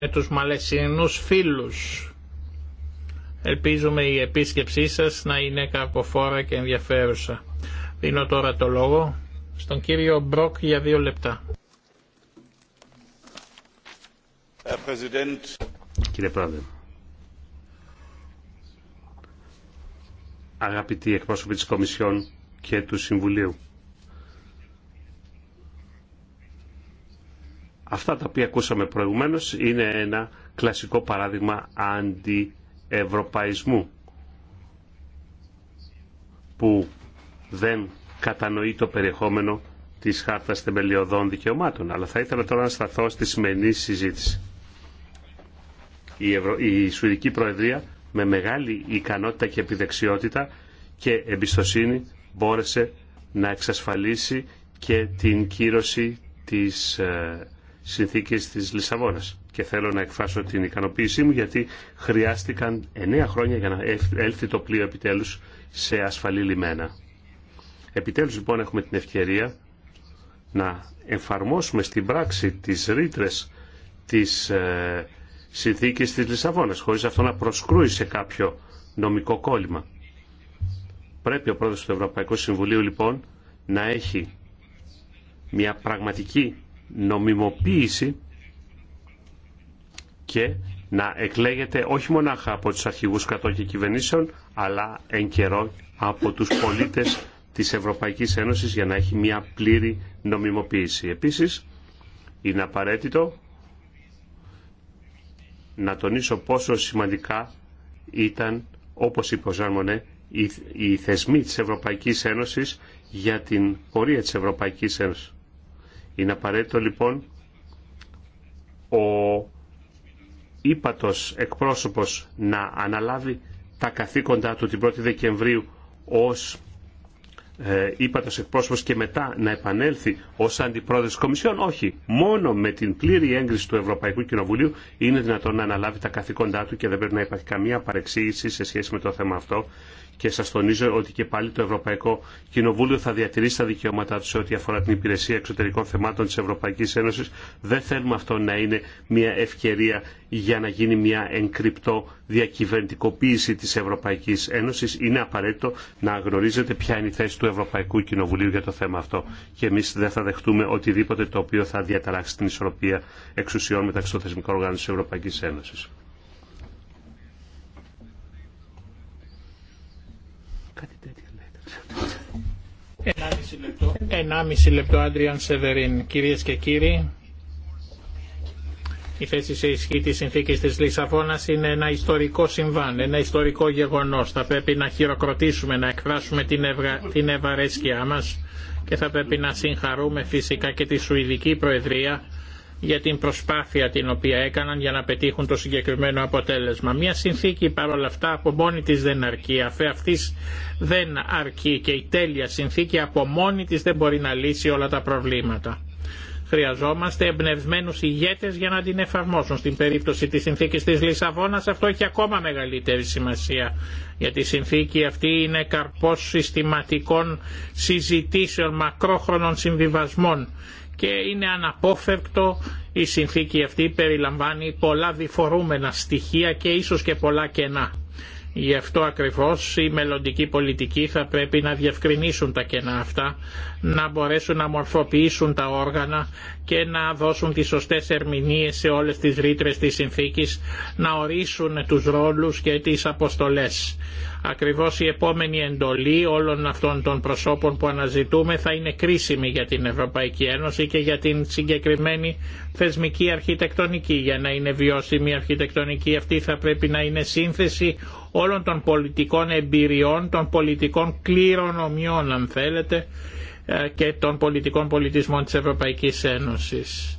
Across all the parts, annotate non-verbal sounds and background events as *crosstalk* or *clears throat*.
με τους μαλαισινούς φίλους. Ελπίζουμε η επίσκεψή σας να είναι καρποφόρα και ενδιαφέρουσα. Δίνω τώρα το λόγο στον κύριο Μπροκ για δύο λεπτά. Κύριε Πρόεδρε, αγαπητοί εκπρόσωποι της Κομισιόν και του Συμβουλίου, Αυτά τα οποία ακούσαμε προηγουμένως είναι ένα κλασικό παράδειγμα αντιευρωπαϊσμού που δεν κατανοεί το περιεχόμενο της Χάρτας Θεμελιωδών Δικαιωμάτων. Αλλά θα ήθελα τώρα να σταθώ στη σημερινή συζήτηση. Η, Ευρω... η Σουηδική Προεδρία με μεγάλη ικανότητα και επιδεξιότητα και εμπιστοσύνη μπόρεσε να εξασφαλίσει και την κύρωση της ε, Συνθήκε της Λισαβόνας. Και θέλω να εκφράσω την ικανοποίησή μου γιατί χρειάστηκαν εννέα χρόνια για να έλθει το πλοίο επιτέλους σε ασφαλή λιμένα. Επιτέλους λοιπόν έχουμε την ευκαιρία να εφαρμόσουμε στην πράξη τις ρήτρε της ε, τη της Λισαβόνας χωρίς αυτό να προσκρούει σε κάποιο νομικό κόλλημα. Πρέπει ο πρόεδρος του Ευρωπαϊκού Συμβουλίου λοιπόν να έχει μια πραγματική νομιμοποίηση και να εκλέγεται όχι μονάχα από τους αρχηγούς κρατών κυβερνήσεων, αλλά εν καιρό από τους πολίτες της Ευρωπαϊκής Ένωσης για να έχει μια πλήρη νομιμοποίηση. Επίσης, είναι απαραίτητο να τονίσω πόσο σημαντικά ήταν, όπως είπε ο Ζαρμονέ, οι θεσμοί της Ευρωπαϊκής Ένωσης για την πορεία της Ευρωπαϊκής Ένωσης. Είναι απαραίτητο λοιπόν ο ύπατος εκπρόσωπος να αναλάβει τα καθήκοντά του την 1η Δεκεμβρίου ως ε, ύπατος εκπρόσωπος και μετά να επανέλθει ως αντιπρόεδρος της Κομισιόν. Όχι, μόνο με την πλήρη έγκριση του Ευρωπαϊκού Κοινοβουλίου είναι δυνατόν να αναλάβει τα καθήκοντά του και δεν πρέπει να υπάρχει καμία παρεξήγηση σε σχέση με το θέμα αυτό και σας τονίζω ότι και πάλι το Ευρωπαϊκό Κοινοβούλιο θα διατηρήσει τα δικαιώματά του σε ό,τι αφορά την υπηρεσία εξωτερικών θεμάτων της Ευρωπαϊκής Ένωσης. Δεν θέλουμε αυτό να είναι μια ευκαιρία για να γίνει μια εγκρυπτό διακυβερνητικοποίηση της Ευρωπαϊκής Ένωσης. Είναι απαραίτητο να γνωρίζετε ποια είναι η θέση του Ευρωπαϊκού Κοινοβουλίου για το θέμα αυτό. Και εμείς δεν θα δεχτούμε οτιδήποτε το οποίο θα διαταράξει την ισορροπία εξουσιών μεταξύ των θεσμικών οργάνων της Ευρωπαϊκής Ένωσης. Κάτι τέτοιο Ενάμιση λεπτό, λεπτό Άντριαν Σεβερίν. Κυρίες και κύριοι, η θέση σε ισχύ τη συνθήκη τη Λισαβόνα είναι ένα ιστορικό συμβάν, ένα ιστορικό γεγονό. Θα πρέπει να χειροκροτήσουμε, να εκφράσουμε την, ευγα... την ευαρέσκειά μας και θα πρέπει να συγχαρούμε φυσικά και τη Σουηδική Προεδρία για την προσπάθεια την οποία έκαναν για να πετύχουν το συγκεκριμένο αποτέλεσμα. Μια συνθήκη παρόλα αυτά από μόνη της δεν αρκεί, αφού αυτής δεν αρκεί και η τέλεια συνθήκη από μόνη της δεν μπορεί να λύσει όλα τα προβλήματα. Χρειαζόμαστε εμπνευσμένου ηγέτε για να την εφαρμόσουν. Στην περίπτωση τη συνθήκη τη Λισαβόνα. αυτό έχει ακόμα μεγαλύτερη σημασία. Γιατί η συνθήκη αυτή είναι καρπό συστηματικών συζητήσεων, μακρόχρονων συμβιβασμών και είναι αναπόφευκτο η συνθήκη αυτή περιλαμβάνει πολλά διφορούμενα στοιχεία και ίσως και πολλά κενά. Γι' αυτό ακριβώς οι μελλοντικοί πολιτικοί θα πρέπει να διευκρινίσουν τα κενά αυτά, να μπορέσουν να μορφοποιήσουν τα όργανα και να δώσουν τις σωστές ερμηνείες σε όλες τις ρήτρες της συνθήκης, να ορίσουν τους ρόλους και τις αποστολές. Ακριβώς η επόμενη εντολή όλων αυτών των προσώπων που αναζητούμε θα είναι κρίσιμη για την Ευρωπαϊκή Ένωση και για την συγκεκριμένη θεσμική αρχιτεκτονική. Για να είναι βιώσιμη η αρχιτεκτονική αυτή θα πρέπει να είναι σύνθεση όλων των πολιτικών εμπειριών, των πολιτικών κληρονομιών αν θέλετε ε, και των πολιτικών πολιτισμών της Ευρωπαϊκής Ένωσης.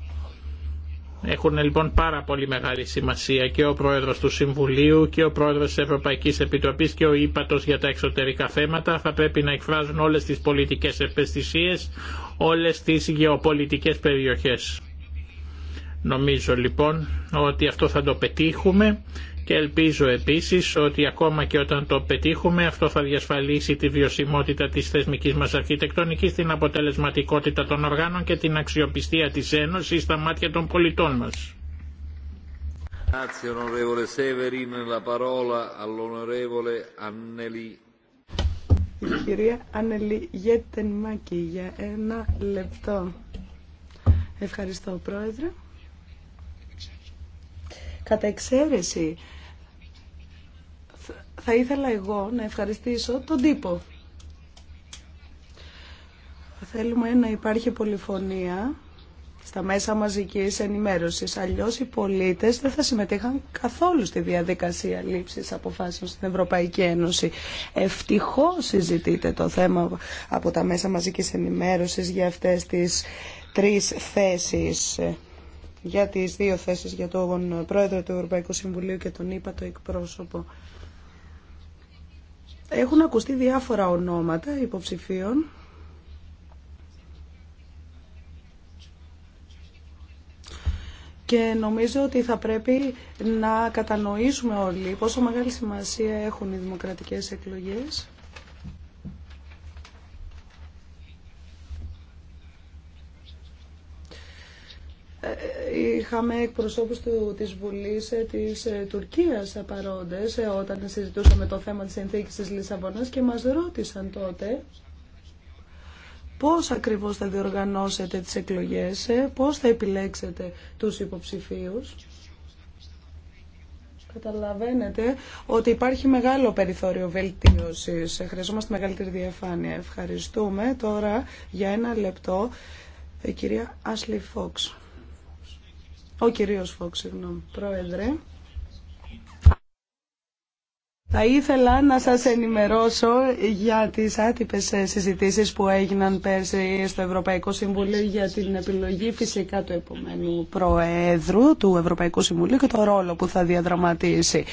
Έχουν λοιπόν πάρα πολύ μεγάλη σημασία και ο Πρόεδρος του Συμβουλίου και ο Πρόεδρος της Ευρωπαϊκής Επιτροπής και ο Ήπατος για τα εξωτερικά θέματα θα πρέπει να εκφράζουν όλες τις πολιτικές επαισθησίες, όλες τις γεωπολιτικές περιοχές. Νομίζω λοιπόν ότι αυτό θα το πετύχουμε και ελπίζω επίσης ότι ακόμα και όταν το πετύχουμε αυτό θα διασφαλίσει τη βιωσιμότητα της θεσμικής μας αρχιτεκτονικής, την αποτελεσματικότητα των οργάνων και την αξιοπιστία της Ένωσης στα μάτια των πολιτών μας. Η κυρία Ανελή Γέτενμάκη για ένα λεπτό. Ευχαριστώ, Πρόεδρε. Κατά εξαίρεση, θα ήθελα εγώ να ευχαριστήσω τον τύπο. Θέλουμε να υπάρχει πολυφωνία στα μέσα μαζικής ενημέρωσης. Αλλιώς οι πολίτες δεν θα συμμετείχαν καθόλου στη διαδικασία λήψης αποφάσεων στην Ευρωπαϊκή Ένωση. Ευτυχώς συζητείτε το θέμα από τα μέσα μαζικής ενημέρωσης για αυτές τις τρεις θέσεις για τις δύο θέσεις για τον Πρόεδρο του Ευρωπαϊκού Συμβουλίου και τον είπα το εκπρόσωπο. Έχουν ακουστεί διάφορα ονόματα υποψηφίων. Και νομίζω ότι θα πρέπει να κατανοήσουμε όλοι πόσο μεγάλη σημασία έχουν οι δημοκρατικές εκλογές. Ε, είχαμε εκπροσώπους του, της Βουλής ε, της ε, Τουρκίας παρόντες όταν συζητούσαμε το θέμα της συνθήκης της Λισαβόνας και μας ρώτησαν τότε πώς ακριβώς θα διοργανώσετε τις εκλογές, πώς θα επιλέξετε τους υποψηφίους. Καταλαβαίνετε ότι υπάρχει μεγάλο περιθώριο βελτίωσης. Χρειαζόμαστε μεγαλύτερη διαφάνεια. Ευχαριστούμε. Τώρα για ένα λεπτό η κυρία Άσλι Φόξ. Ο κυρίος Φόξ, συγγνώμη, πρόεδρε. Θα ήθελα να σας ενημερώσω για τις άτυπες συζητήσεις που έγιναν πέρσι στο Ευρωπαϊκό Συμβουλίο για την επιλογή φυσικά του επόμενου Προέδρου του Ευρωπαϊκού Συμβουλίου και το ρόλο που θα διαδραματίσει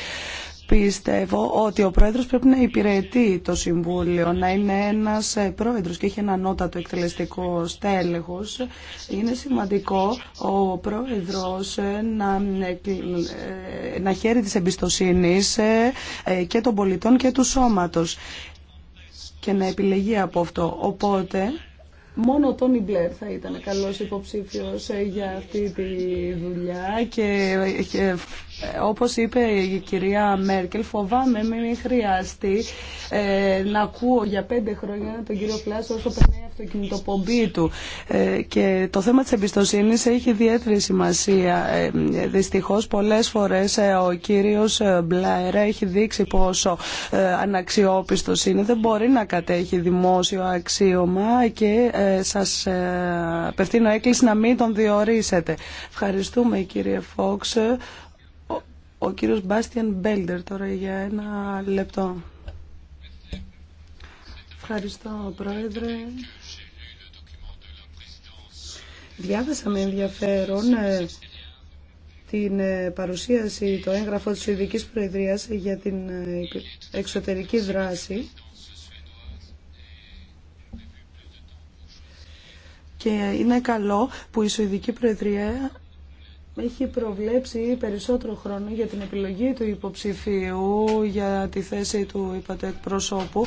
πιστεύω ότι ο πρόεδρος πρέπει να υπηρετεί το Συμβούλιο, να είναι ένας ε, πρόεδρος και έχει ένα ανώτατο εκτελεστικό στέλεχος. Είναι σημαντικό ο πρόεδρος ε, να, ε, να χαίρει της εμπιστοσύνης και των πολιτών και του σώματος και να επιλεγεί από αυτό. Οπότε... Μόνο ο Τόνι Μπλερ θα ήταν καλός υποψήφιος για αυτή τη δουλειά και όπως είπε η κυρία Μέρκελ, φοβάμαι μην χρειαστεί ε, να ακούω για πέντε χρόνια τον κύριο Πλάσο όσο περνάει το αυτοκινητοπομπή του. Ε, και το θέμα της εμπιστοσύνης έχει ιδιαίτερη σημασία. Ε, δυστυχώς πολλές φορές ε, ο κύριος ε, Μπλαερά έχει δείξει πόσο αναξιόπιστος είναι. Δεν μπορεί να κατέχει δημόσιο αξίωμα και σας απευθύνω έκκληση να μην τον διορίσετε. Ευχαριστούμε κύριε Φόξ. Ο κύριος Μπάστιαν Μπέλντερ τώρα για ένα λεπτό. Ευχαριστώ, Πρόεδρε. Διάβασα με ενδιαφέρον ε, την ε, παρουσίαση, το έγγραφο της Σουηδικής Προεδρίας για την ε, εξωτερική δράση και είναι καλό που η Σουηδική Προεδρία έχει προβλέψει περισσότερο χρόνο για την επιλογή του υποψηφίου για τη θέση του υπατέκ προσώπου.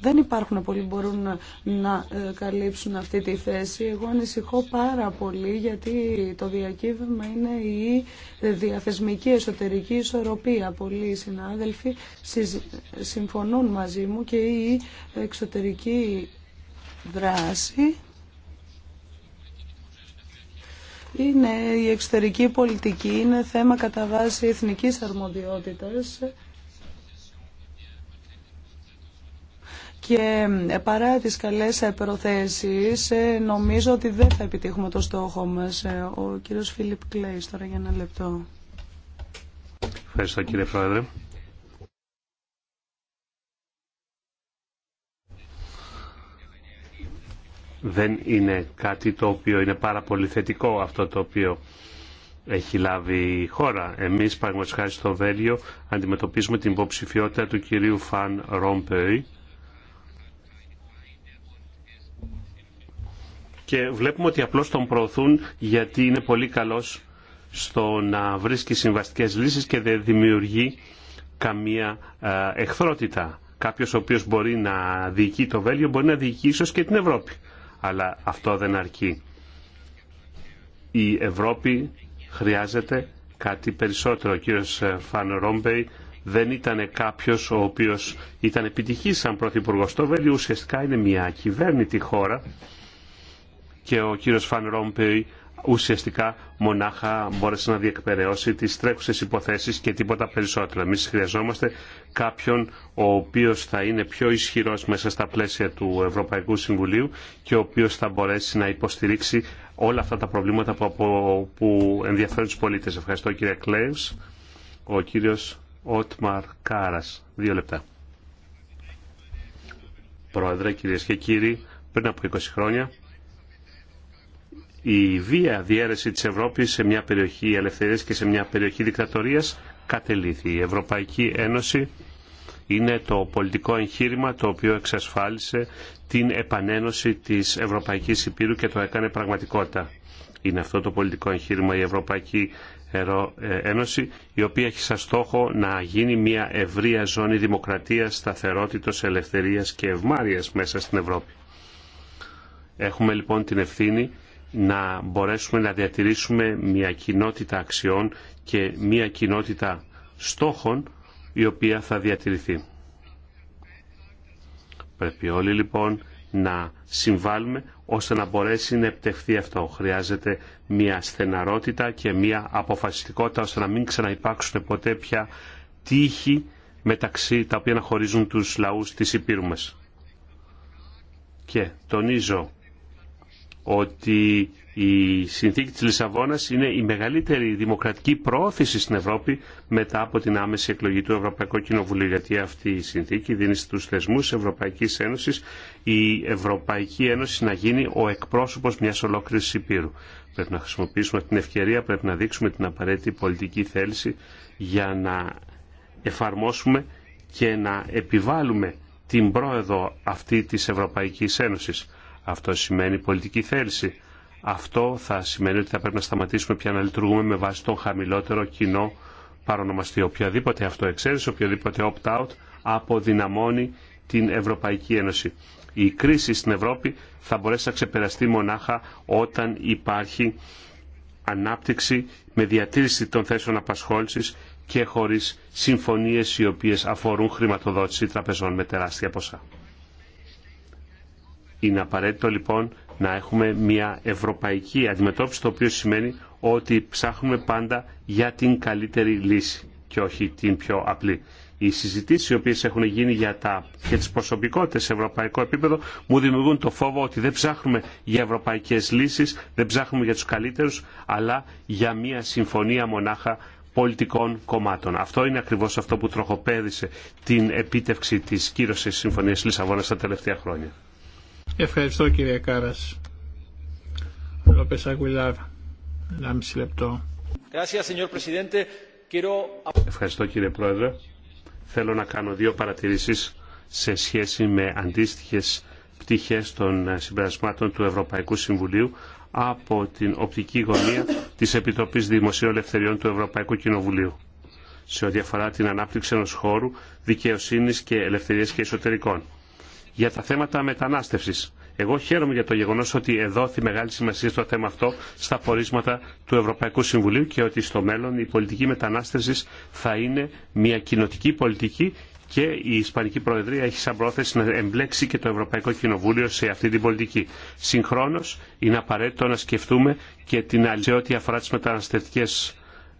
Δεν υπάρχουν πολλοί που μπορούν να, ε, καλύψουν αυτή τη θέση. Εγώ ανησυχώ πάρα πολύ γιατί το διακύβευμα είναι η διαθεσμική εσωτερική ισορροπία. Πολλοί συνάδελφοι συμφωνούν μαζί μου και η εξωτερική δράση είναι η εξωτερική πολιτική, είναι θέμα κατά βάση εθνικής αρμοδιότητας. και παρά τις καλές προθέσεις ε, νομίζω ότι δεν θα επιτύχουμε το στόχο μας. Ε, ο κύριος Φίλιπ Κλέης τώρα για ένα λεπτό. Ευχαριστώ κύριε Πρόεδρε. δεν είναι κάτι το οποίο είναι πάρα πολύ θετικό αυτό το οποίο έχει λάβει η χώρα. Εμείς, παραγματικά στο Βέλγιο, αντιμετωπίζουμε την υποψηφιότητα του κυρίου Φαν Ρομπέι και βλέπουμε ότι απλώς τον προωθούν γιατί είναι πολύ καλός στο να βρίσκει συμβαστικές λύσεις και δεν δημιουργεί καμία ε, εχθρότητα. Κάποιος ο οποίος μπορεί να διοικεί το Βέλιο μπορεί να διοικεί ίσως και την Ευρώπη αλλά αυτό δεν αρκεί. Η Ευρώπη χρειάζεται κάτι περισσότερο. Ο κύριος Φαν Ρόμπεϊ δεν ήταν κάποιος ο οποίος ήταν επιτυχής σαν πρωθυπουργός. Το Βέλιο ουσιαστικά είναι μια κυβέρνητη χώρα και ο κύριος Φαν Ρόμπεϊ ουσιαστικά μονάχα μπόρεσε να διεκπαιρεώσει τις τρέχουσες υποθέσεις και τίποτα περισσότερο. Εμεί χρειαζόμαστε κάποιον ο οποίος θα είναι πιο ισχυρός μέσα στα πλαίσια του Ευρωπαϊκού Συμβουλίου και ο οποίος θα μπορέσει να υποστηρίξει όλα αυτά τα προβλήματα που, που ενδιαφέρουν τους πολίτες. Ευχαριστώ κύριε Κλέους. Ο κύριος Ότμαρ Κάρας. Δύο λεπτά. Πρόεδρε, κυρίες και κύριοι, πριν από 20 χρόνια η βία διαίρεση της Ευρώπης σε μια περιοχή ελευθερίας και σε μια περιοχή δικτατορίας κατελήθη. Η Ευρωπαϊκή Ένωση είναι το πολιτικό εγχείρημα το οποίο εξασφάλισε την επανένωση της Ευρωπαϊκής Υπήρου και το έκανε πραγματικότητα. Είναι αυτό το πολιτικό εγχείρημα η Ευρωπαϊκή ε, Ένωση η οποία έχει σαν στόχο να γίνει μια ευρεία ζώνη δημοκρατίας, σταθερότητος, ελευθερίας και ευμάρειας μέσα στην Ευρώπη. Έχουμε λοιπόν την ευθύνη να μπορέσουμε να διατηρήσουμε μια κοινότητα αξιών και μια κοινότητα στόχων η οποία θα διατηρηθεί. Πρέπει όλοι λοιπόν να συμβάλλουμε ώστε να μπορέσει να επιτευχθεί αυτό. Χρειάζεται μια στεναρότητα και μια αποφασιστικότητα ώστε να μην ξαναυπάρξουν ποτέ πια τύχη μεταξύ τα οποία να χωρίζουν τους λαούς της Υπήρου μας. Και τονίζω ότι η συνθήκη της Λισαβόνας είναι η μεγαλύτερη δημοκρατική προώθηση στην Ευρώπη μετά από την άμεση εκλογή του Ευρωπαϊκού Κοινοβουλίου γιατί αυτή η συνθήκη δίνει στους θεσμούς Ευρωπαϊκής Ένωσης η Ευρωπαϊκή Ένωση να γίνει ο εκπρόσωπος μιας ολόκληρης υπήρου. Πρέπει να χρησιμοποιήσουμε την ευκαιρία, πρέπει να δείξουμε την απαραίτητη πολιτική θέληση για να εφαρμόσουμε και να επιβάλλουμε την πρόεδρο αυτή της Ευρωπαϊκής Ένωσης αυτό σημαίνει πολιτική θέληση. Αυτό θα σημαίνει ότι θα πρέπει να σταματήσουμε πια να λειτουργούμε με βάση τον χαμηλότερο κοινό παρονομαστή. Οποιαδήποτε αυτό εξαίρεση, οποιοδήποτε opt-out αποδυναμώνει την Ευρωπαϊκή Ένωση. Η κρίση στην Ευρώπη θα μπορέσει να ξεπεραστεί μονάχα όταν υπάρχει ανάπτυξη με διατήρηση των θέσεων απασχόλησης και χωρίς συμφωνίες οι οποίες αφορούν χρηματοδότηση τραπεζών με τεράστια ποσά. Είναι απαραίτητο λοιπόν να έχουμε μια ευρωπαϊκή αντιμετώπιση, το οποίο σημαίνει ότι ψάχνουμε πάντα για την καλύτερη λύση και όχι την πιο απλή. Οι συζητήσεις οι οποίες έχουν γίνει για, τα, για τις προσωπικότητες σε ευρωπαϊκό επίπεδο μου δημιουργούν το φόβο ότι δεν ψάχνουμε για ευρωπαϊκές λύσεις, δεν ψάχνουμε για τους καλύτερους, αλλά για μια συμφωνία μονάχα πολιτικών κομμάτων. Αυτό είναι ακριβώς αυτό που τροχοπέδησε την επίτευξη της κύρωση Συμφωνίας Λισαβόνα τα τελευταία χρόνια. Ευχαριστώ κύριε Κάρας. Λόπες ένα λεπτό. Ευχαριστώ κύριε Πρόεδρε. Θέλω να κάνω δύο παρατηρήσεις σε σχέση με αντίστοιχες πτυχές των ε, συμπερασμάτων του Ευρωπαϊκού Συμβουλίου από την οπτική γωνία της Επιτροπής Δημοσίων Ελευθεριών του Ευρωπαϊκού Κοινοβουλίου σε ό,τι αφορά την ανάπτυξη ενός χώρου δικαιοσύνης και ελευθερίας και εσωτερικών για τα θέματα μετανάστευση. Εγώ χαίρομαι για το γεγονό ότι εδόθη μεγάλη σημασία στο θέμα αυτό στα πορίσματα του Ευρωπαϊκού Συμβουλίου και ότι στο μέλλον η πολιτική μετανάστευση θα είναι μια κοινοτική πολιτική και η Ισπανική Προεδρία έχει σαν πρόθεση να εμπλέξει και το Ευρωπαϊκό Κοινοβούλιο σε αυτή την πολιτική. Συγχρόνω, είναι απαραίτητο να σκεφτούμε και την αλληλεγγύη ό,τι αφορά τι μεταναστευτικέ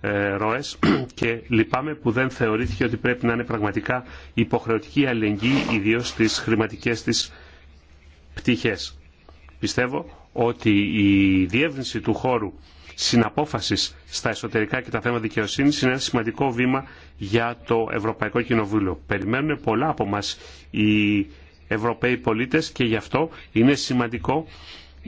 ε, *clears throat* και λυπάμαι που δεν θεωρήθηκε ότι πρέπει να είναι πραγματικά υποχρεωτική αλληλεγγύη ιδίως στις χρηματικέ της πτυχέ. Πιστεύω ότι η διεύρυνση του χώρου συναπόφασης στα εσωτερικά και τα θέματα δικαιοσύνης είναι ένα σημαντικό βήμα για το Ευρωπαϊκό Κοινοβούλιο. Περιμένουν πολλά από μας οι Ευρωπαίοι πολίτες και γι' αυτό είναι σημαντικό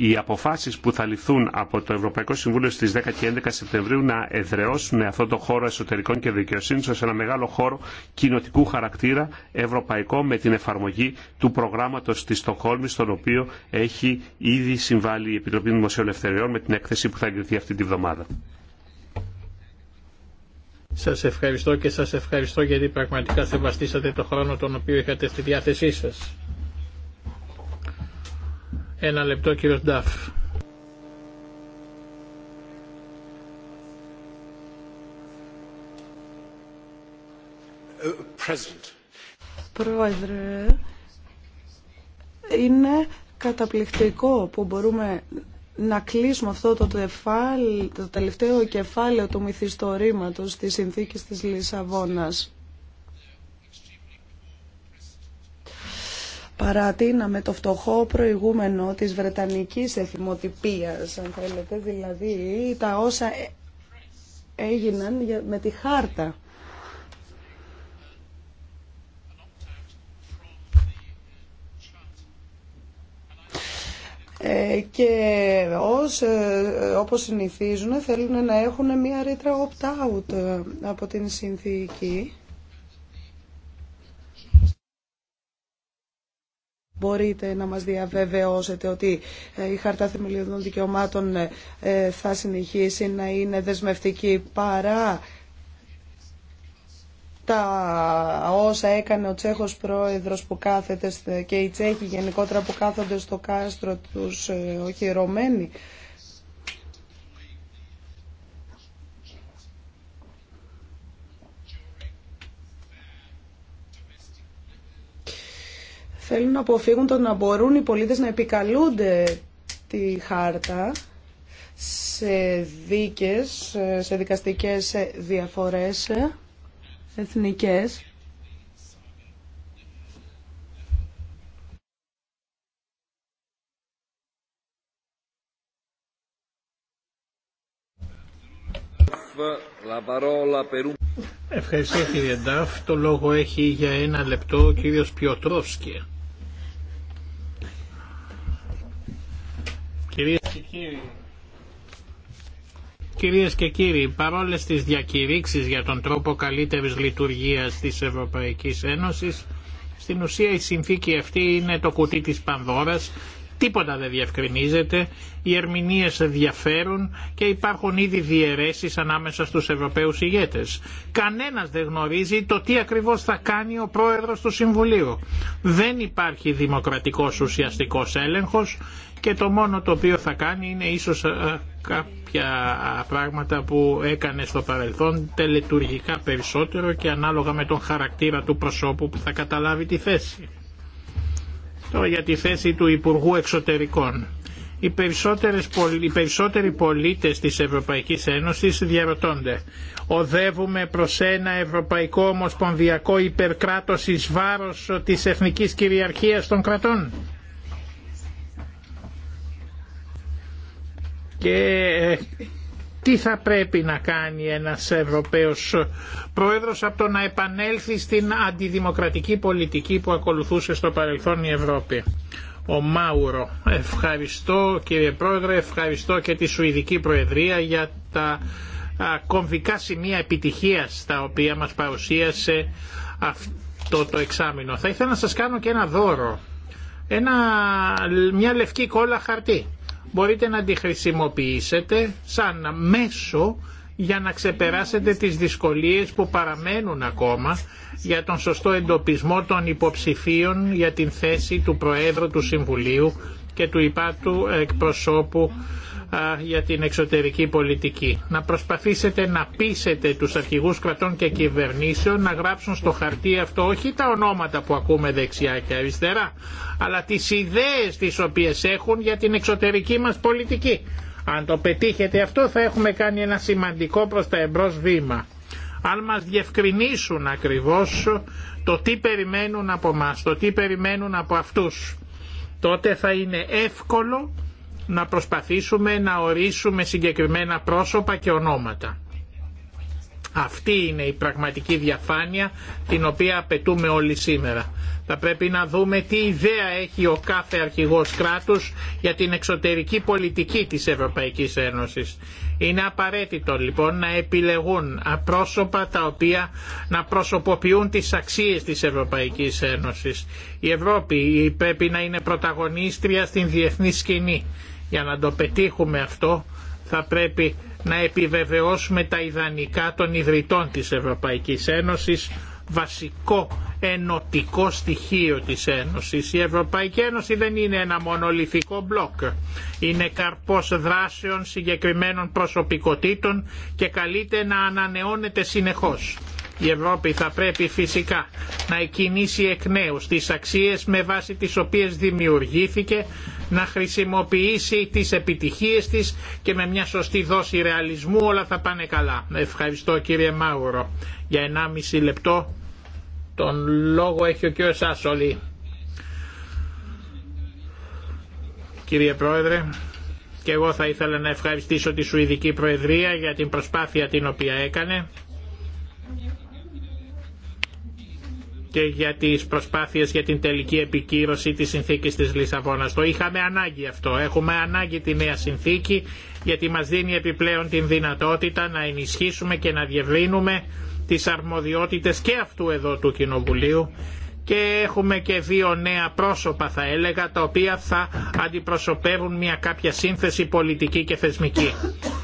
οι αποφάσεις που θα ληφθούν από το Ευρωπαϊκό Συμβούλιο στις 10 και 11 Σεπτεμβρίου να εδραιώσουν αυτό το χώρο εσωτερικών και δικαιοσύνη ως ένα μεγάλο χώρο κοινοτικού χαρακτήρα ευρωπαϊκό με την εφαρμογή του προγράμματος της Στοχόλμης στον οποίο έχει ήδη συμβάλει η Επιτροπή Δημοσίου Ελευθεριών με την έκθεση που θα εγκριθεί αυτή τη βδομάδα. Σας ευχαριστώ και σας ευχαριστώ γιατί πραγματικά σεβαστήσατε το χρόνο τον οποίο είχατε στη διάθεσή σας. Ένα λεπτό κύριος Νταφ. Πρόεδρε, είναι καταπληκτικό που μπορούμε να κλείσουμε αυτό το, το τελευταίο κεφάλαιο του μυθιστορήματος της συνθήκης της Λισαβόνας. παρατείναμε το φτωχό προηγούμενο της Βρετανικής εθιμοτυπίας, αν θέλετε, δηλαδή τα όσα ε, έγιναν με τη χάρτα. Ε, και ως, ε, όπως συνηθίζουν θέλουν να έχουν μια ρήτρα opt-out από την συνθήκη. μπορείτε να μας διαβεβαιώσετε ότι ε, η Χαρτά Θεμελιωδών Δικαιωμάτων ε, ε, θα συνεχίσει να είναι δεσμευτική παρά τα όσα έκανε ο Τσέχος πρόεδρος που κάθεται και οι Τσέχοι γενικότερα που κάθονται στο κάστρο τους οχυρωμένοι. θέλουν να αποφύγουν το να μπορούν οι πολίτες να επικαλούνται τη χάρτα σε δίκες, σε δικαστικές διαφορές εθνικές. Ευχαριστώ κύριε Νταφ. Το λόγο έχει για ένα λεπτό ο κύριος Πιωτρόφσκι. Κυρίες και κύριοι, Κυρίες και κύριοι, παρόλες τις διακηρύξεις για τον τρόπο καλύτερης λειτουργίας της Ευρωπαϊκής Ένωσης, στην ουσία η συνθήκη αυτή είναι το κουτί της Πανδώρας τίποτα δεν διευκρινίζεται, οι ερμηνείες διαφέρουν και υπάρχουν ήδη διαιρέσεις ανάμεσα στους Ευρωπαίους ηγέτες. Κανένας δεν γνωρίζει το τι ακριβώς θα κάνει ο πρόεδρος του Συμβουλίου. Δεν υπάρχει δημοκρατικός ουσιαστικός έλεγχος και το μόνο το οποίο θα κάνει είναι ίσως ε, κάποια πράγματα που έκανε στο παρελθόν τελετουργικά περισσότερο και ανάλογα με τον χαρακτήρα του προσώπου που θα καταλάβει τη θέση το για τη θέση του Υπουργού Εξωτερικών. Οι, περισσότερες, οι περισσότεροι πολίτες της Ευρωπαϊκής Ένωσης διαρωτώνται. Οδεύουμε προς ένα ευρωπαϊκό ομοσπονδιακό υπερκράτος εις βάρος της εθνικής κυριαρχίας των κρατών. Ε, τι θα πρέπει να κάνει ένας Ευρωπαίος Πρόεδρος από το να επανέλθει στην αντιδημοκρατική πολιτική που ακολουθούσε στο παρελθόν η Ευρώπη. Ο Μάουρο, ευχαριστώ κύριε Πρόεδρε, ευχαριστώ και τη Σουηδική Προεδρία για τα κομβικά σημεία επιτυχίας τα οποία μας παρουσίασε αυτό το εξάμεινο. Θα ήθελα να σας κάνω και ένα δώρο, ένα, μια λευκή κόλλα χαρτί μπορείτε να τη χρησιμοποιήσετε σαν μέσο για να ξεπεράσετε τις δυσκολίες που παραμένουν ακόμα για τον σωστό εντοπισμό των υποψηφίων για την θέση του Προέδρου του Συμβουλίου και του υπάτου εκπροσώπου για την εξωτερική πολιτική. Να προσπαθήσετε να πείσετε τους αρχηγούς κρατών και κυβερνήσεων να γράψουν στο χαρτί αυτό όχι τα ονόματα που ακούμε δεξιά και αριστερά, αλλά τις ιδέες τις οποίες έχουν για την εξωτερική μας πολιτική. Αν το πετύχετε αυτό θα έχουμε κάνει ένα σημαντικό προς τα εμπρός βήμα. Αν μας διευκρινίσουν ακριβώς το τι περιμένουν από μας, το τι περιμένουν από αυτούς, τότε θα είναι εύκολο να προσπαθήσουμε να ορίσουμε συγκεκριμένα πρόσωπα και ονόματα. Αυτή είναι η πραγματική διαφάνεια την οποία απαιτούμε όλοι σήμερα. Θα πρέπει να δούμε τι ιδέα έχει ο κάθε αρχηγός κράτους για την εξωτερική πολιτική της Ευρωπαϊκής Ένωσης. Είναι απαραίτητο λοιπόν να επιλεγούν πρόσωπα τα οποία να προσωποποιούν τις αξίες της Ευρωπαϊκής Ένωσης. Η Ευρώπη πρέπει να είναι πρωταγωνίστρια στην διεθνή σκηνή για να το πετύχουμε αυτό θα πρέπει να επιβεβαιώσουμε τα ιδανικά των ιδρυτών της Ευρωπαϊκής Ένωσης, βασικό ενωτικό στοιχείο της Ένωσης. Η Ευρωπαϊκή Ένωση δεν είναι ένα μονολυθικό μπλοκ. Είναι καρπός δράσεων συγκεκριμένων προσωπικότητων και καλείται να ανανεώνεται συνεχώς. Η Ευρώπη θα πρέπει φυσικά να εκκινήσει εκ νέου στις αξίες με βάση τις οποίες δημιουργήθηκε, να χρησιμοποιήσει τις επιτυχίες της και με μια σωστή δόση ρεαλισμού όλα θα πάνε καλά. Ευχαριστώ κύριε Μάουρο Για 1,5 λεπτό τον λόγο έχει ο κύριος Άσολη. Κύριε Πρόεδρε, και εγώ θα ήθελα να ευχαριστήσω τη Σουηδική Προεδρία για την προσπάθεια την οποία έκανε και για τις προσπάθειες για την τελική επικύρωση της συνθήκης της Λισαβόνας. Το είχαμε ανάγκη αυτό. Έχουμε ανάγκη τη νέα συνθήκη γιατί μας δίνει επιπλέον την δυνατότητα να ενισχύσουμε και να διευρύνουμε τις αρμοδιότητες και αυτού εδώ του Κοινοβουλίου και έχουμε και δύο νέα πρόσωπα θα έλεγα τα οποία θα αντιπροσωπεύουν μια κάποια σύνθεση πολιτική και θεσμική.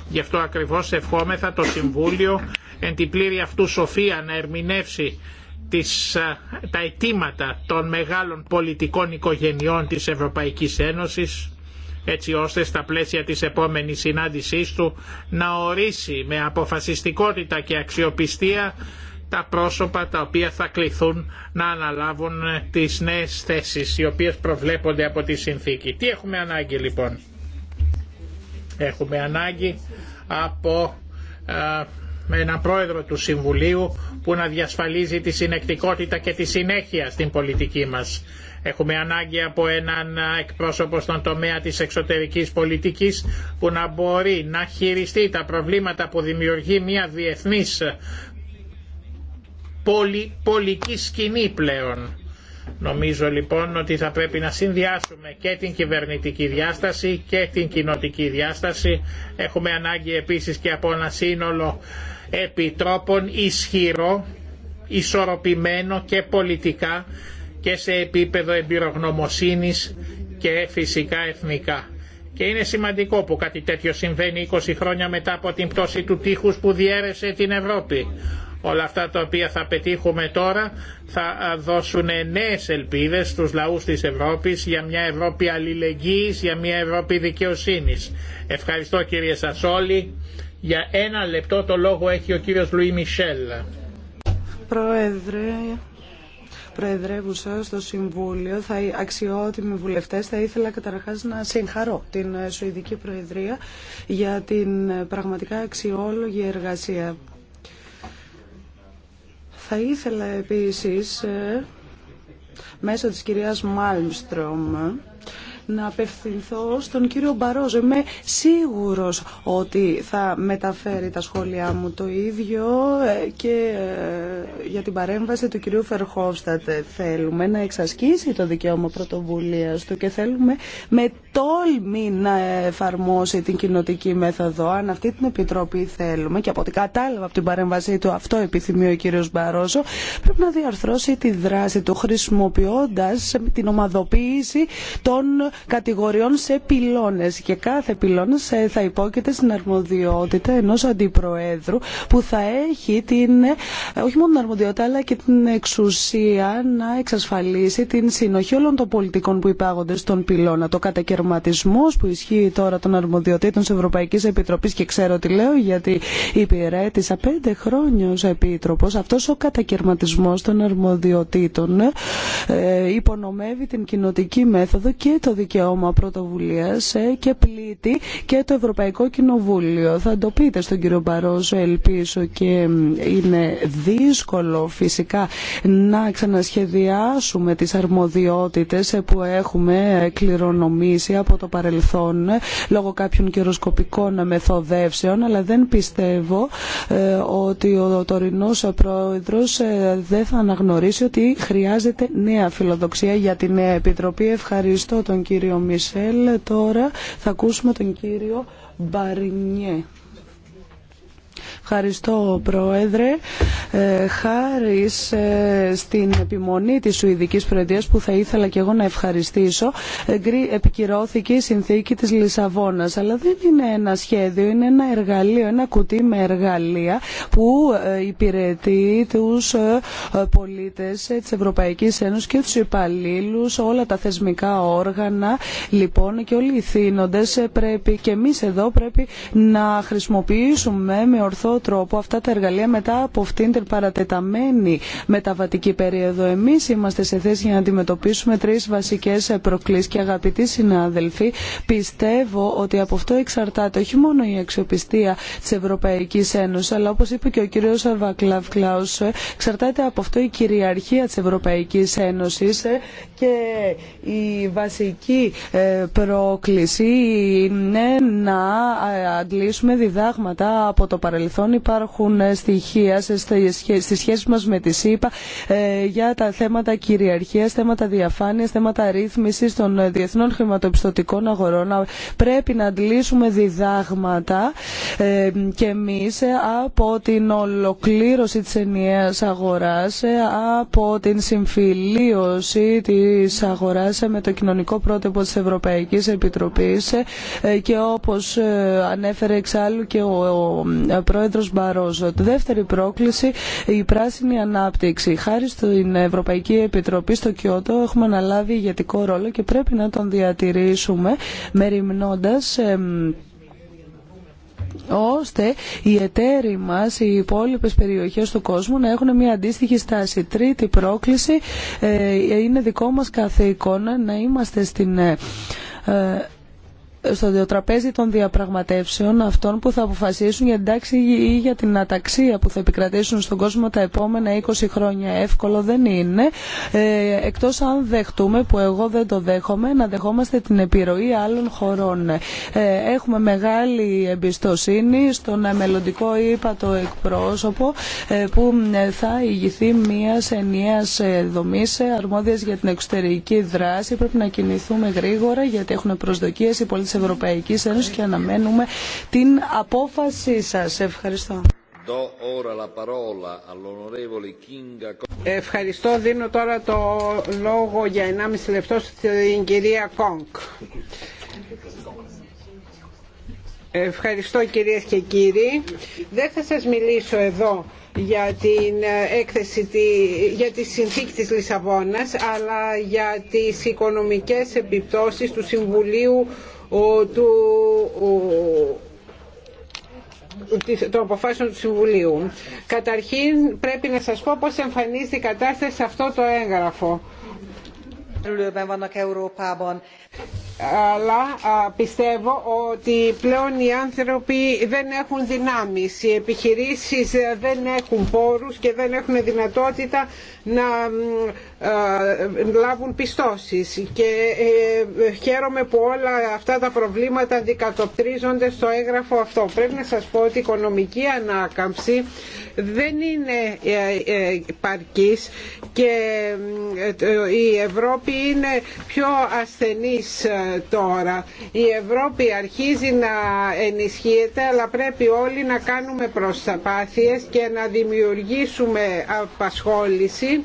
Γι' αυτό ακριβώς ευχόμεθα το Συμβούλιο εν την πλήρη αυτού σοφία να ερμηνεύσει τις, τα αιτήματα των μεγάλων πολιτικών οικογενειών της Ευρωπαϊκής Ένωσης έτσι ώστε στα πλαίσια της επόμενης συνάντησής του να ορίσει με αποφασιστικότητα και αξιοπιστία τα πρόσωπα τα οποία θα κληθούν να αναλάβουν ε, τις νέες θέσεις οι οποίες προβλέπονται από τη συνθήκη. Τι έχουμε ανάγκη λοιπόν. Έχουμε ανάγκη από με έναν πρόεδρο του Συμβουλίου που να διασφαλίζει τη συνεκτικότητα και τη συνέχεια στην πολιτική μας. Έχουμε ανάγκη από έναν εκπρόσωπο στον τομέα της εξωτερικής πολιτικής που να μπορεί να χειριστεί τα προβλήματα που δημιουργεί μια διεθνής πολι- σκηνή πλέον. Νομίζω λοιπόν ότι θα πρέπει να συνδυάσουμε και την κυβερνητική διάσταση και την κοινοτική διάσταση. Έχουμε ανάγκη επίσης και από ένα σύνολο επιτρόπων ισχυρό, ισορροπημένο και πολιτικά και σε επίπεδο εμπειρογνωμοσύνης και φυσικά εθνικά. Και είναι σημαντικό που κάτι τέτοιο συμβαίνει 20 χρόνια μετά από την πτώση του τείχους που διέρεσε την Ευρώπη. Όλα αυτά τα οποία θα πετύχουμε τώρα θα δώσουν νέες ελπίδες στους λαούς της Ευρώπης για μια Ευρώπη αλληλεγγύης, για μια Ευρώπη δικαιοσύνης. Ευχαριστώ κύριε σας όλοι για ένα λεπτό το λόγο έχει ο κύριος Λουί Μισελ. Πρόεδρε, Προεδρεύουσα στο Συμβούλιο, θα αξιότιμοι βουλευτές, θα ήθελα καταρχάς να συγχαρώ την Σουηδική Προεδρία για την πραγματικά αξιόλογη εργασία. Θα ήθελα επίσης ε, μέσω της κυρίας Μάλμστρομ να απευθυνθώ στον κύριο Μπαρόζο. Είμαι σίγουρος ότι θα μεταφέρει τα σχόλιά μου το ίδιο ε, και ε, για την παρέμβαση του κυρίου Φερχόφστατ. Θέλουμε να εξασκήσει το δικαίωμα πρωτοβουλίας του και θέλουμε με τόλμη να εφαρμόσει την κοινοτική μέθοδο. Αν αυτή την επιτροπή θέλουμε και από ό,τι κατάλαβα από την παρέμβασή του αυτό επιθυμεί ο κύριος Μπαρόζο, πρέπει να διαρθρώσει τη δράση του χρησιμοποιώντας την ομαδοποίηση των κατηγοριών σε πυλώνες και κάθε πυλώνας ε, θα υπόκειται στην αρμοδιότητα ενός αντιπροέδρου που θα έχει την, ε, όχι μόνο την αρμοδιότητα αλλά και την εξουσία να εξασφαλίσει την συνοχή όλων των πολιτικών που υπάγονται στον πυλώνα. Το κατακαιρματισμό που ισχύει τώρα των αρμοδιοτήτων της Ευρωπαϊκής Επιτροπής και ξέρω τι λέω γιατί υπηρέτησα πέντε χρόνια ως Επίτροπος. Αυτός ο κατακαιρματισμός των αρμοδιοτήτων ε, υπονομεύει την κοινοτική μέθοδο και το δικαίωμα πρωτοβουλίας ε, και πλήττει και το Ευρωπαϊκό Κοινοβούλιο. Θα το πείτε στον κύριο Μπαρόζο, ελπίζω και είναι δύσκολο φυσικά να ξανασχεδιάσουμε τις αρμοδιότητες ε, που έχουμε ε, κληρονομήσει από το παρελθόν λόγω κάποιων κυροσκοπικών μεθοδεύσεων, αλλά δεν πιστεύω ότι ο τωρινός πρόεδρος δεν θα αναγνωρίσει ότι χρειάζεται νέα φιλοδοξία για την νέα Επιτροπή. Ευχαριστώ τον κύριο κύριο Μισελ. Τώρα θα ακούσουμε τον κύριο Μπαρινιέ. Ευχαριστώ, Πρόεδρε. Ε, Χάρη στην επιμονή της Σουηδικής Προεδρίας που θα ήθελα και εγώ να ευχαριστήσω, επικυρώθηκε η συνθήκη της Λισαβόνας. Αλλά δεν είναι ένα σχέδιο, είναι ένα εργαλείο, ένα κουτί με εργαλεία που ε, υπηρετεί τους ε, πολίτες ε, της Ευρωπαϊκής Ένωσης και τους υπαλλήλους, όλα τα θεσμικά όργανα, λοιπόν, και όλοι οι θύνοντες πρέπει και εμείς εδώ πρέπει να χρησιμοποιήσουμε με τρόπο αυτά τα εργαλεία μετά από αυτήν την παρατεταμένη μεταβατική περίοδο. Εμεί είμαστε σε θέση για να αντιμετωπίσουμε τρει βασικέ προκλήσει και αγαπητοί συνάδελφοι, πιστεύω ότι από αυτό εξαρτάται όχι μόνο η αξιοπιστία τη Ευρωπαϊκή Ένωση, αλλά όπω είπε και ο κύριο Βακλαβ εξαρτάται από αυτό η κυριαρχία τη Ευρωπαϊκή Ένωση και η βασική ε, πρόκληση είναι να ε, αντλήσουμε διδάγματα από το παρελθόν υπάρχουν ε, στοιχεία στις σχέσεις μας με τη ΣΥΠΑ ε, για τα θέματα κυριαρχίας, θέματα διαφάνειας, θέματα ρύθμισης των ε, διεθνών χρηματοπιστωτικών αγορών. Πρέπει να αντλήσουμε διδάγματα και εμείς από την ολοκλήρωση της ενιαίας αγοράς, από την συμφιλίωση της αγοράς με το κοινωνικό πρότυπο της Ευρωπαϊκής Επιτροπής και όπως ανέφερε εξάλλου και ο Μπαρόζο. Δεύτερη πρόκληση, η πράσινη ανάπτυξη. Χάρη στην Ευρωπαϊκή Επιτροπή στο Κιώτο έχουμε αναλάβει ηγετικό ρόλο και πρέπει να τον διατηρήσουμε μεριμνώντας ώστε οι εταίροι μας, οι υπόλοιπε περιοχές του κόσμου να έχουν μια αντίστοιχη στάση. Τρίτη πρόκληση, ε, είναι δικό μας καθήκον να είμαστε στην ε, στο τραπέζι των διαπραγματεύσεων αυτών που θα αποφασίσουν για την τάξη ή για την αταξία που θα επικρατήσουν στον κόσμο τα επόμενα 20 χρόνια. Εύκολο δεν είναι. Ε, Εκτό αν δεχτούμε, που εγώ δεν το δέχομαι, να δεχόμαστε την επιρροή άλλων χωρών. Ε, έχουμε μεγάλη εμπιστοσύνη στον μελλοντικό ύπατο εκπρόσωπο ε, που θα ηγηθεί μια ενιαία δομή αρμόδια για την εξωτερική δράση. Πρέπει να κινηθούμε γρήγορα γιατί έχουν προσδοκίε οι Ευρωπαϊκής Ένωσης και αναμένουμε την απόφασή σας. Ευχαριστώ. Ευχαριστώ. Δίνω τώρα το λόγο για 1,5 λεπτό στην κυρία Κόγκ. Ευχαριστώ κυρίες και κύριοι. Δεν θα σας μιλήσω εδώ για την ε, έκθεση για τη συνθήκη της Λισαβόνας αλλά για τις οικονομικές επιπτώσεις του Συμβουλίου του των αποφάσεων του Συμβουλίου. Καταρχήν πρέπει να σας πω πώς εμφανίζεται η κατάσταση σε αυτό το έγγραφο. Αλλά πιστεύω ότι πλέον οι άνθρωποι δεν έχουν δυνάμεις, οι επιχειρήσεις ε, δεν έχουν πόρους και δεν έχουν δυνατότητα να λάβουν πιστώσεις. Και ε, χαίρομαι που όλα αυτά τα προβλήματα αντικατοπτρίζονται στο έγγραφο αυτό. Πρέπει να σας πω ότι η οικονομική ανάκαμψη δεν είναι ε, παρκής και η Ευρώπη είναι πιο ασθενής ε, τώρα. Η Ευρώπη αρχίζει να ενισχύεται αλλά πρέπει όλοι να κάνουμε προσπάθειες και να δημιουργήσουμε απασχόληση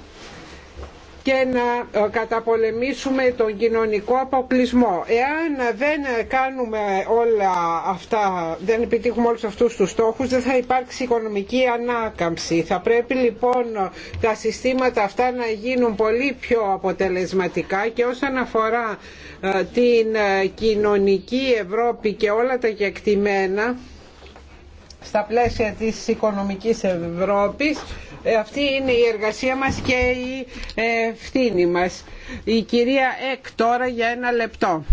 και να ε, καταπολεμήσουμε τον κοινωνικό αποκλεισμό. Εάν δεν κάνουμε όλα αυτά, δεν επιτύχουμε όλους αυτούς τους στόχους, δεν θα υπάρξει οικονομική ανάκαμψη. Θα πρέπει λοιπόν τα συστήματα αυτά να γίνουν πολύ πιο αποτελεσματικά και όσον αφορά ε, την ε, κοινωνική Ευρώπη και όλα τα κεκτημένα, στα πλαίσια της οικονομικής Ευρώπης. Ε, αυτή είναι η εργασία μας και η ε, ευθύνη μας. Η κυρία Εκ τώρα για ένα λεπτό.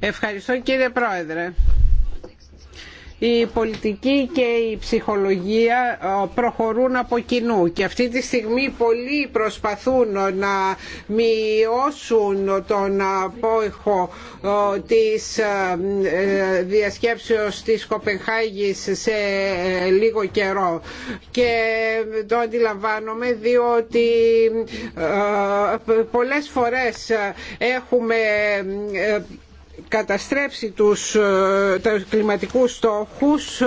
Ευχαριστώ κύριε Πρόεδρε η πολιτική και η ψυχολογία ε, προχωρούν από κοινού και αυτή τη στιγμή πολλοί προσπαθούν να μειώσουν τον απόϊχο ε, της ε, διασκέψεως της Κοπενχάγης σε λίγο καιρό και το αντιλαμβάνομαι διότι πολλές φορές έχουμε καταστρέψει τους, ε, κλιματικούς στόχους. Ε,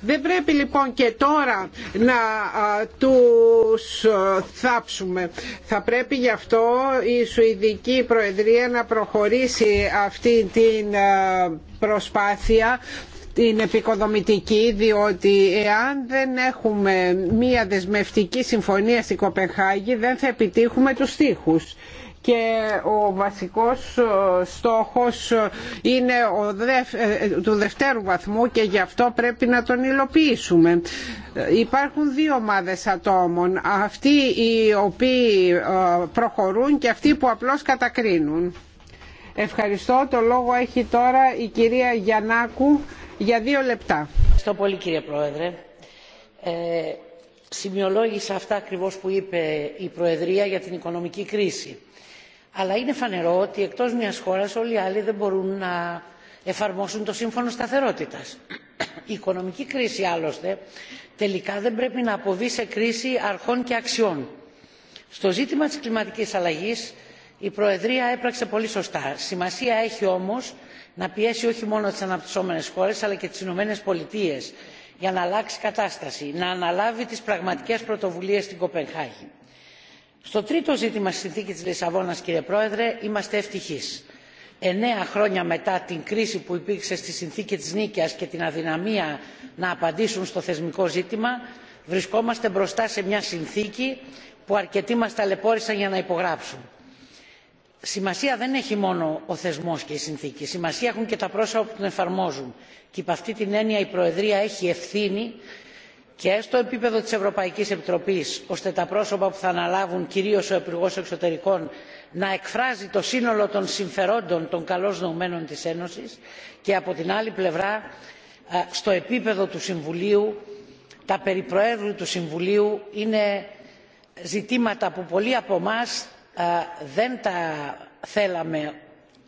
δεν πρέπει λοιπόν και τώρα να ε, τους θάψουμε. Θα πρέπει γι' αυτό η Σουηδική Προεδρία να προχωρήσει αυτή την προσπάθεια την επικοδομητική διότι εάν δεν έχουμε μία δεσμευτική συμφωνία στην Κοπεχάγη δεν θα επιτύχουμε τους στόχους και ο βασικός στόχος είναι ο δευ... Ε, του δευτέρου βαθμού και γι' αυτό πρέπει να τον υλοποιήσουμε. Υπάρχουν δύο ομάδες ατόμων, αυτοί οι οποίοι ε, προχωρούν και αυτοί που απλώς κατακρίνουν. Ευχαριστώ. Το λόγο έχει τώρα η κυρία Γιαννάκου για δύο λεπτά. Ευχαριστώ πολύ κύριε Πρόεδρε. Ε, σημειολόγησα αυτά ακριβώς που είπε η Προεδρία για την οικονομική κρίση αλλά είναι φανερό ότι εκτός μιας χώρας όλοι οι άλλοι δεν μπορούν να εφαρμόσουν το σύμφωνο σταθερότητας. η οικονομική κρίση άλλωστε τελικά δεν πρέπει να αποβεί σε κρίση αρχών και αξιών. στο ζήτημα της κλιματικής αλλαγής η προεδρία έπραξε πολύ σωστά. σημασία έχει όμως να πιέσει όχι μόνο τις αναπτυσσόμενες χώρες αλλά και τις Ηνωμένε Πολιτείε, για να αλλάξει κατάσταση να αναλάβει τις πραγματικές πρωτοβουλίες στην κοπενχάγη. Στο τρίτο ζήτημα στη συνθήκη της Λισαβόνα, κύριε Πρόεδρε, είμαστε ευτυχείς. Εννέα χρόνια μετά την κρίση που υπήρξε στη συνθήκη της Νίκαιας και την αδυναμία να απαντήσουν στο θεσμικό ζήτημα, βρισκόμαστε μπροστά σε μια συνθήκη που αρκετοί μας ταλαιπώρησαν για να υπογράψουν. Σημασία δεν έχει μόνο ο θεσμός και η συνθήκη. Σημασία έχουν και τα πρόσωπα που την εφαρμόζουν. Και υπ' αυτή την έννοια η Προεδρία έχει ευθύνη και στο επίπεδο της ευρωπαϊκής επιτροπής ώστε τα πρόσωπα που θα αναλάβουν κυρίως ο υπουργός εξωτερικών να εκφράζει το σύνολο των συμφερόντων των καλώς νοουμένων της ένωσης και από την άλλη πλευρά ε, στο επίπεδο του συμβουλίου τα περί του συμβουλίου είναι ζητήματα που πολλοί από εμά ε, δεν τα θέλαμε.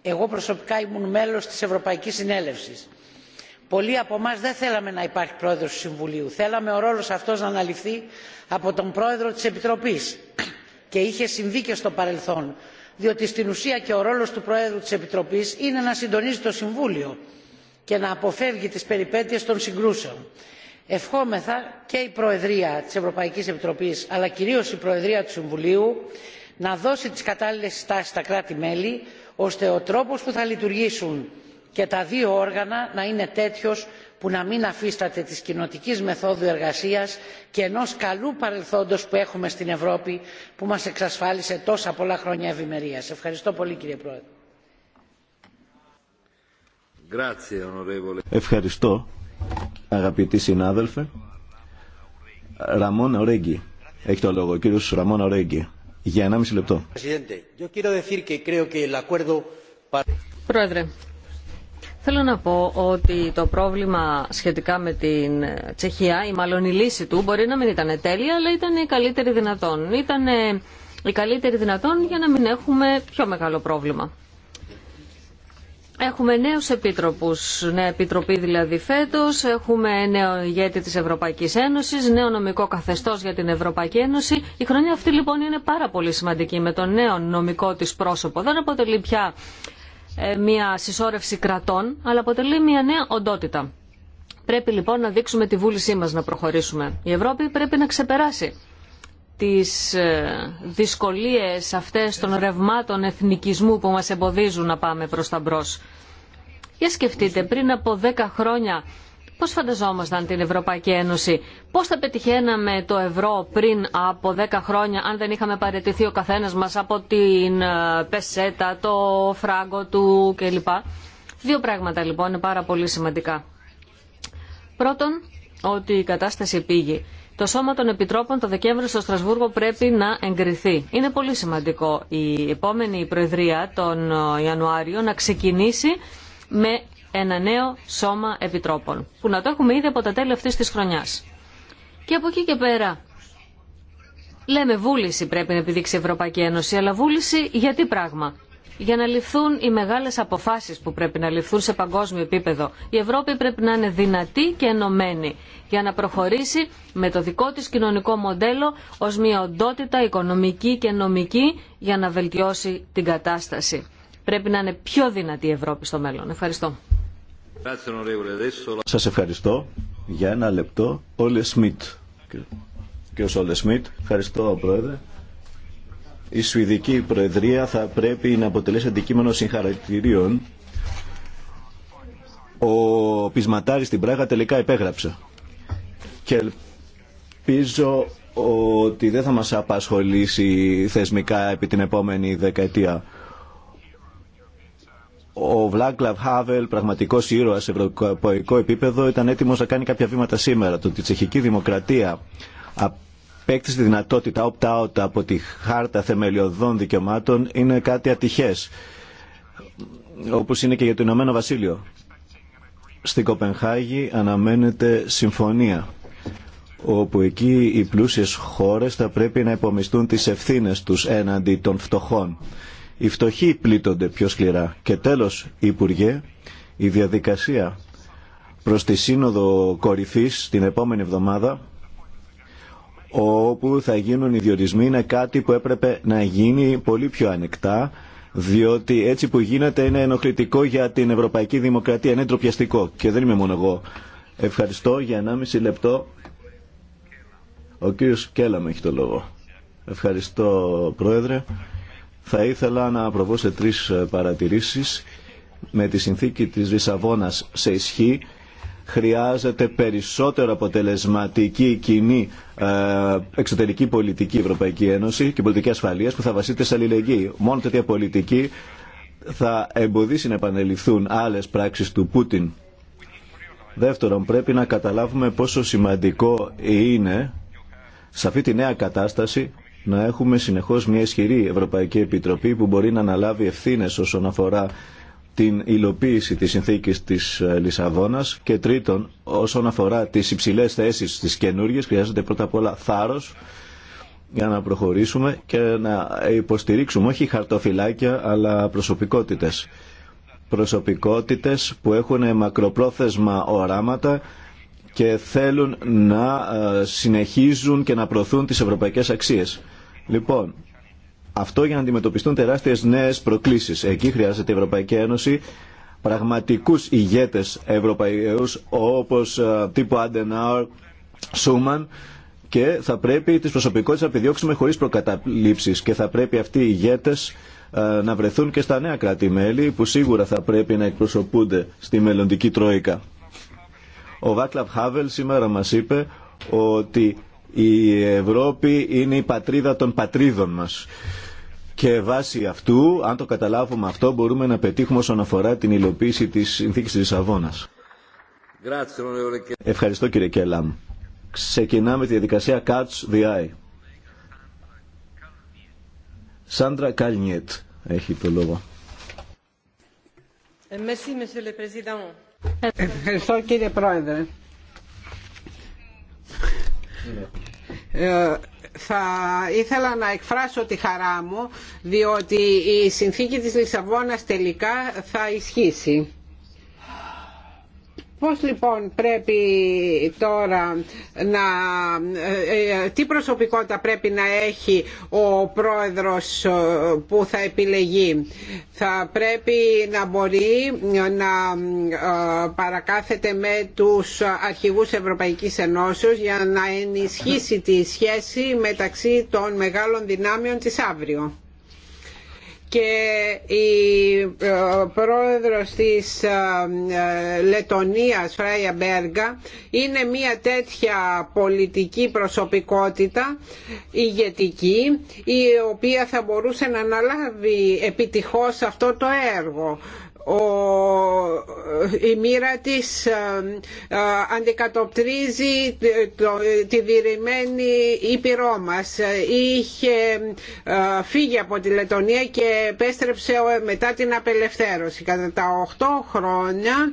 εγώ προσωπικά ήμουν μέλος της ευρωπαϊκής συνέλευσης πολλοί από εμά δεν θέλαμε να υπάρχει πρόεδρο του συμβουλίου θέλαμε ο ρόλο αυτό να αναλυφθεί από τον πρόεδρο τη Επιτροπή και είχε συμβεί και στο παρελθόν διότι στην ουσία και ο ρόλο του προέδρου τη επιτροπής είναι να συντονίζει το συμβούλιο και να αποφεύγει τι περιπέτειες των συγκρούσεων. ευχόμεθα και η προεδρία της ευρωπαϊκής επιτροπής αλλά κυρίως η προεδρία του συμβουλίου να δώσει τις κατάλληλες συστάσεις στα κράτη μέλη ώστε ο τρόπος που θα λειτουργήσουν και τα δύο όργανα να είναι τέτοιος που να μην αφίσταται τη κοινοτική μεθόδου εργασίας και ενό καλού παρελθόντος που έχουμε στην ευρώπη που μας εξασφάλισε τόσα πολλά χρόνια ευημερία. ευχαριστώ πολύ κύριε πρόεδρε. Ευχαριστώ αγαπητοί συνάδελφε. Ραμόν Ορέγγι. Έχει το λόγο ο κύριο Ραμόν Ορέγγι. Για μισή λεπτό. Πρόεδρε, Θέλω να πω ότι το πρόβλημα σχετικά με την Τσεχία, ή μάλλον η λύση του, μπορεί να μην ήταν τέλεια, αλλά ήταν η καλύτερη δυνατόν. Ήταν η καλύτερη δυνατόν για να μην έχουμε πιο μεγάλο πρόβλημα. Έχουμε νέους επίτροπους, νέα επιτροπή δηλαδή φέτος, έχουμε νέο ηγέτη της Ευρωπαϊκής Ένωσης, νέο νομικό καθεστώς για την Ευρωπαϊκή Ένωση. Η χρονιά αυτή λοιπόν είναι πάρα πολύ σημαντική με το νέο νομικό της πρόσωπο. Δεν αποτελεί πια ε, μια συσσόρευση κρατών, αλλά αποτελεί μια νέα οντότητα. Πρέπει λοιπόν να δείξουμε τη βούλησή μας να προχωρήσουμε. Η Ευρώπη πρέπει να ξεπεράσει τις ε, δυσκολίες αυτές των ρευμάτων εθνικισμού που μας εμποδίζουν να πάμε προς τα μπρος. Για σκεφτείτε, πριν από 10 χρόνια Πώς φανταζόμασταν την Ευρωπαϊκή Ένωση, πώς θα πετυχαίναμε το ευρώ πριν από 10 χρόνια αν δεν είχαμε παραιτηθεί ο καθένα μας από την ε, πεσέτα, το φράγκο του κλπ. Δύο πράγματα λοιπόν είναι πάρα πολύ σημαντικά. Πρώτον, ότι η κατάσταση πήγε. Το Σώμα των Επιτρόπων το Δεκέμβριο στο Στρασβούργο πρέπει να εγκριθεί. Είναι πολύ σημαντικό η επόμενη Προεδρία τον ε, Ιανουάριο να ξεκινήσει με ένα νέο σώμα επιτρόπων, που να το έχουμε ήδη από τα τέλη αυτής της χρονιάς. Και από εκεί και πέρα, λέμε βούληση πρέπει να επιδείξει η Ευρωπαϊκή Ένωση, αλλά βούληση για τι πράγμα. Για να ληφθούν οι μεγάλες αποφάσεις που πρέπει να ληφθούν σε παγκόσμιο επίπεδο. Η Ευρώπη πρέπει να είναι δυνατή και ενωμένη για να προχωρήσει με το δικό της κοινωνικό μοντέλο ως μια οντότητα οικονομική και νομική για να βελτιώσει την κατάσταση. Πρέπει να είναι πιο δυνατή η Ευρώπη στο μέλλον. Ευχαριστώ. Σας ευχαριστώ. Για ένα λεπτό, Όλε Σμιτ. ο Όλε Σμιτ, ευχαριστώ Πρόεδρε. Η Σουηδική Προεδρία θα πρέπει να αποτελέσει αντικείμενο συγχαρητηρίων. Ο Πισματάρης στην Πράγα τελικά υπέγραψε. Και ελπίζω ότι δεν θα μας απασχολήσει θεσμικά επί την επόμενη δεκαετία ο Βλάγκλαβ Χάβελ, πραγματικός ήρωας σε ευρωπαϊκό επίπεδο, ήταν έτοιμο να κάνει κάποια βήματα σήμερα. Το ότι η τσεχική δημοκρατία απέκτησε τη δυνατότητα opt-out από τη χάρτα θεμελιωδών δικαιωμάτων είναι κάτι ατυχε, όπως είναι και για το Ηνωμένο Βασίλειο. Στην Κοπενχάγη αναμένεται συμφωνία όπου εκεί οι πλούσιες χώρες θα πρέπει να υπομιστούν τις ευθύνες τους έναντι των φτωχών. Οι φτωχοί πλήττονται πιο σκληρά. Και τέλος, Υπουργέ, η διαδικασία προς τη Σύνοδο Κορυφής την επόμενη εβδομάδα όπου θα γίνουν οι διορισμοί είναι κάτι που έπρεπε να γίνει πολύ πιο ανεκτά διότι έτσι που γίνεται είναι ενοχλητικό για την Ευρωπαϊκή Δημοκρατία, είναι ντροπιαστικό και δεν είμαι μόνο εγώ. Ευχαριστώ για 1,5 λεπτό. Ο κύριος Κέλαμ έχει το λόγο. Ευχαριστώ Πρόεδρε. Θα ήθελα να προβώ σε τρεις ε, παρατηρήσεις. Με τη συνθήκη της Λισαβόνα σε ισχύ χρειάζεται περισσότερο αποτελεσματική κοινή ε, εξωτερική πολιτική Ευρωπαϊκή Ένωση και πολιτική ασφαλείας που θα βασίζεται σε αλληλεγγύη. Μόνο τέτοια πολιτική θα εμποδίσει να επανεληφθούν άλλες πράξεις του Πούτιν. Δεύτερον, πρέπει να καταλάβουμε πόσο σημαντικό είναι σε αυτή τη νέα κατάσταση να έχουμε συνεχώς μια ισχυρή Ευρωπαϊκή Επιτροπή που μπορεί να αναλάβει ευθύνες όσον αφορά την υλοποίηση της συνθήκης της ε, Λισαβόνας και τρίτον όσον αφορά τις υψηλές θέσεις τη καινούργια, χρειάζεται πρώτα απ' όλα θάρρος για να προχωρήσουμε και να υποστηρίξουμε όχι χαρτοφυλάκια αλλά προσωπικότητες. Προσωπικότητες που έχουν μακροπρόθεσμα οράματα και θέλουν να ε, συνεχίζουν και να προωθούν τις ευρωπαϊκές αξίες. Λοιπόν, αυτό για να αντιμετωπιστούν τεράστιες νέες προκλήσεις. Εκεί χρειάζεται η Ευρωπαϊκή Ένωση πραγματικούς ηγέτες ευρωπαϊκούς όπω ε, τύπου Αντενάουρ, Σούμαν και θα πρέπει τις προσωπικότητες να επιδιώξουμε χωρίς προκαταλήψεις και θα πρέπει αυτοί οι ηγέτες ε, να βρεθούν και στα νέα κράτη-μέλη που σίγουρα θα πρέπει να εκπροσωπούνται στη μελλοντική Τρόικα. Ο Βάκλαβ Χάβελ σήμερα μας είπε ότι η Ευρώπη είναι η πατρίδα των πατρίδων μας. Και βάσει αυτού, αν το καταλάβουμε αυτό, μπορούμε να πετύχουμε όσον αφορά την υλοποίηση της συνθήκης της Λισαβόνας. Ευχαριστώ κύριε Κέλαμ. Ξεκινάμε τη διαδικασία Catch the Eye. Σάντρα Καλνιέτ έχει το λόγο. Ε, Ευχαριστώ κύριε Πρόεδρε. Ε, θα ήθελα να εκφράσω τη χαρά μου διότι η συνθήκη της Λισαβόνας τελικά θα ισχύσει Πώς λοιπόν πρέπει τώρα να... Ε, ε, τι προσωπικότητα πρέπει να έχει ο πρόεδρος ε, που θα επιλεγεί. Θα πρέπει να μπορεί να παρακάθεται με τους αρχηγούς Ευρωπαϊκής Ενώσεως για να ενισχύσει τη σχέση μεταξύ των μεγάλων δυνάμεων της αύριο και η ε, πρόεδρος της ε, ε, Λετωνίας Φράια Μπέργα είναι μια τέτοια πολιτική προσωπικότητα ηγετική η οποία θα μπορούσε να αναλάβει επιτυχώς αυτό το έργο η μοίρα της ε, ε, αντικατοπτρίζει ε, τη διηρημένη ήπειρό μας. Είχε φύγει από τη Λετωνία και επέστρεψε μετά την απελευθέρωση. Κατά τα 8 χρόνια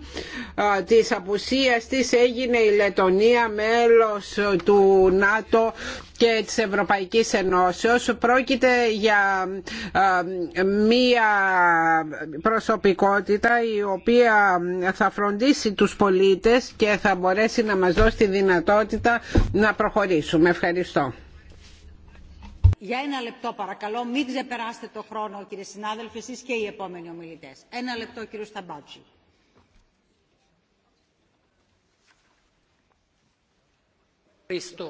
της απουσίας της έγινε η Λετωνία μέλος του ΝΑΤΟ και της Ευρωπαϊκής Ενώσεως πρόκειται για μία προσωπικότητα η οποία θα φροντίσει τους πολίτες και θα μπορέσει να μας δώσει τη δυνατότητα να προχωρήσουμε. Ευχαριστώ. Για ένα λεπτό παρακαλώ, μην ξεπεράσετε το χρόνο κύριε συνάδελφοι, εσείς και οι επόμενοι ομιλητές. Ένα λεπτό κύριο Σταμπάτσι. Ευχαριστώ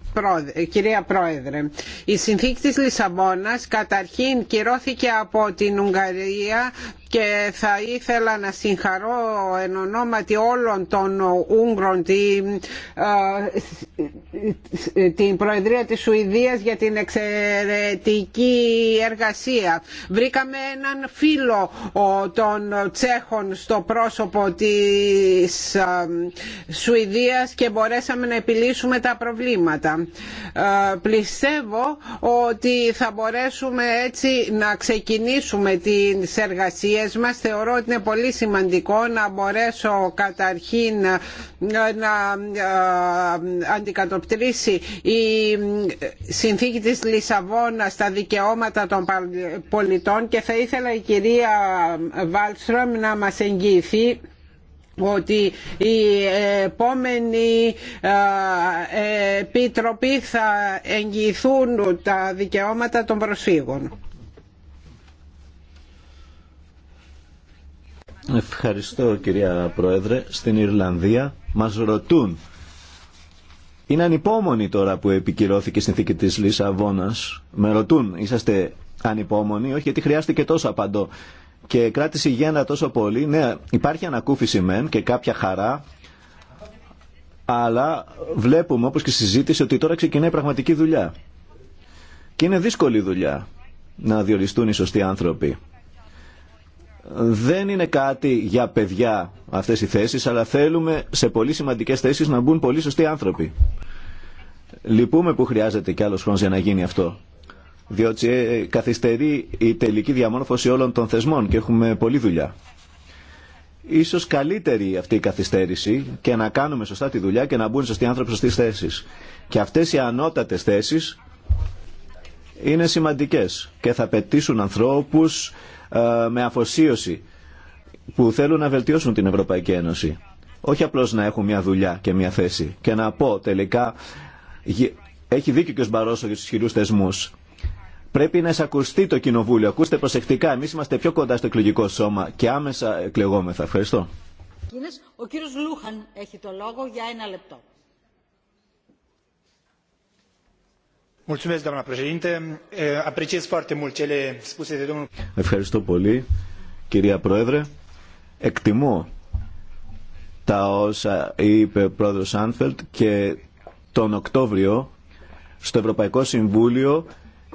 Ε, κυρία Πρόεδρε, η συνθήκη της Λισαβόνας καταρχήν κυρώθηκε από την Ουγγαρία και θα ήθελα να συγχαρώ εν ονόματι όλων των Ούγγρων την, ε, την Προεδρία της Σουηδίας για την εξαιρετική εργασία. Βρήκαμε έναν φίλο των Τσέχων στο πρόσωπο της ε, Σουηδίας και μπορέσαμε να επιλύσουμε τα προβλήματα. Ε, Πιστεύω ότι θα μπορέσουμε έτσι να ξεκινήσουμε τις εργασίες μας. Θεωρώ ότι είναι πολύ σημαντικό να μπορέσω καταρχήν ε, να ε, αντικατοπτρίσει η συνθήκη της Λισαβόνα στα δικαιώματα των πολιτών και θα ήθελα η κυρία Βάλστρομ να μας εγγυηθεί ότι οι επόμενοι επίτροποι θα εγγυηθούν τα δικαιώματα των προσφύγων. Ευχαριστώ κυρία Πρόεδρε. Στην Ιρλανδία μας ρωτούν. Είναι ανυπόμονοι τώρα που επικυρώθηκε η συνθήκη της Λισαβόνας. Με ρωτούν, είσαστε ανυπόμονοι, όχι γιατί χρειάστηκε τόσο απαντώ και κράτηση η γέννα τόσο πολύ. Ναι, υπάρχει ανακούφιση μεν και κάποια χαρά, αλλά βλέπουμε όπως και συζήτησε ότι τώρα ξεκινάει πραγματική δουλειά. Και είναι δύσκολη δουλειά να διοριστούν οι σωστοί άνθρωποι. Δεν είναι κάτι για παιδιά αυτές οι θέσεις, αλλά θέλουμε σε πολύ σημαντικές θέσεις να μπουν πολύ σωστοί άνθρωποι. Λυπούμε που χρειάζεται κι άλλος χρόνος για να γίνει αυτό διότι ε, καθυστερεί η τελική διαμόρφωση όλων των θεσμών και έχουμε πολλή δουλειά. Ίσως καλύτερη αυτή η καθυστέρηση και να κάνουμε σωστά τη δουλειά και να μπουν σωστοί άνθρωποι στις θέσεις. Και αυτές οι ανώτατες θέσεις είναι σημαντικές και θα πετήσουν ανθρώπους ε, με αφοσίωση που θέλουν να βελτιώσουν την Ευρωπαϊκή Ένωση. Όχι απλώς να έχουν μια δουλειά και μια θέση. Και να πω τελικά, έχει δίκιο και ο Σμπαρόσο για του θεσμού. Πρέπει να εισακουστεί το κοινοβούλιο. Ακούστε προσεκτικά. Εμεί είμαστε πιο κοντά στο εκλογικό σώμα και άμεσα εκλεγόμεθα. Ευχαριστώ. Ο κύριο Λούχαν έχει το λόγο για ένα λεπτό. Ευχαριστώ πολύ, κυρία Πρόεδρε. Εκτιμώ τα όσα είπε ο πρόεδρος Άνφελτ και τον Οκτώβριο στο Ευρωπαϊκό Συμβούλιο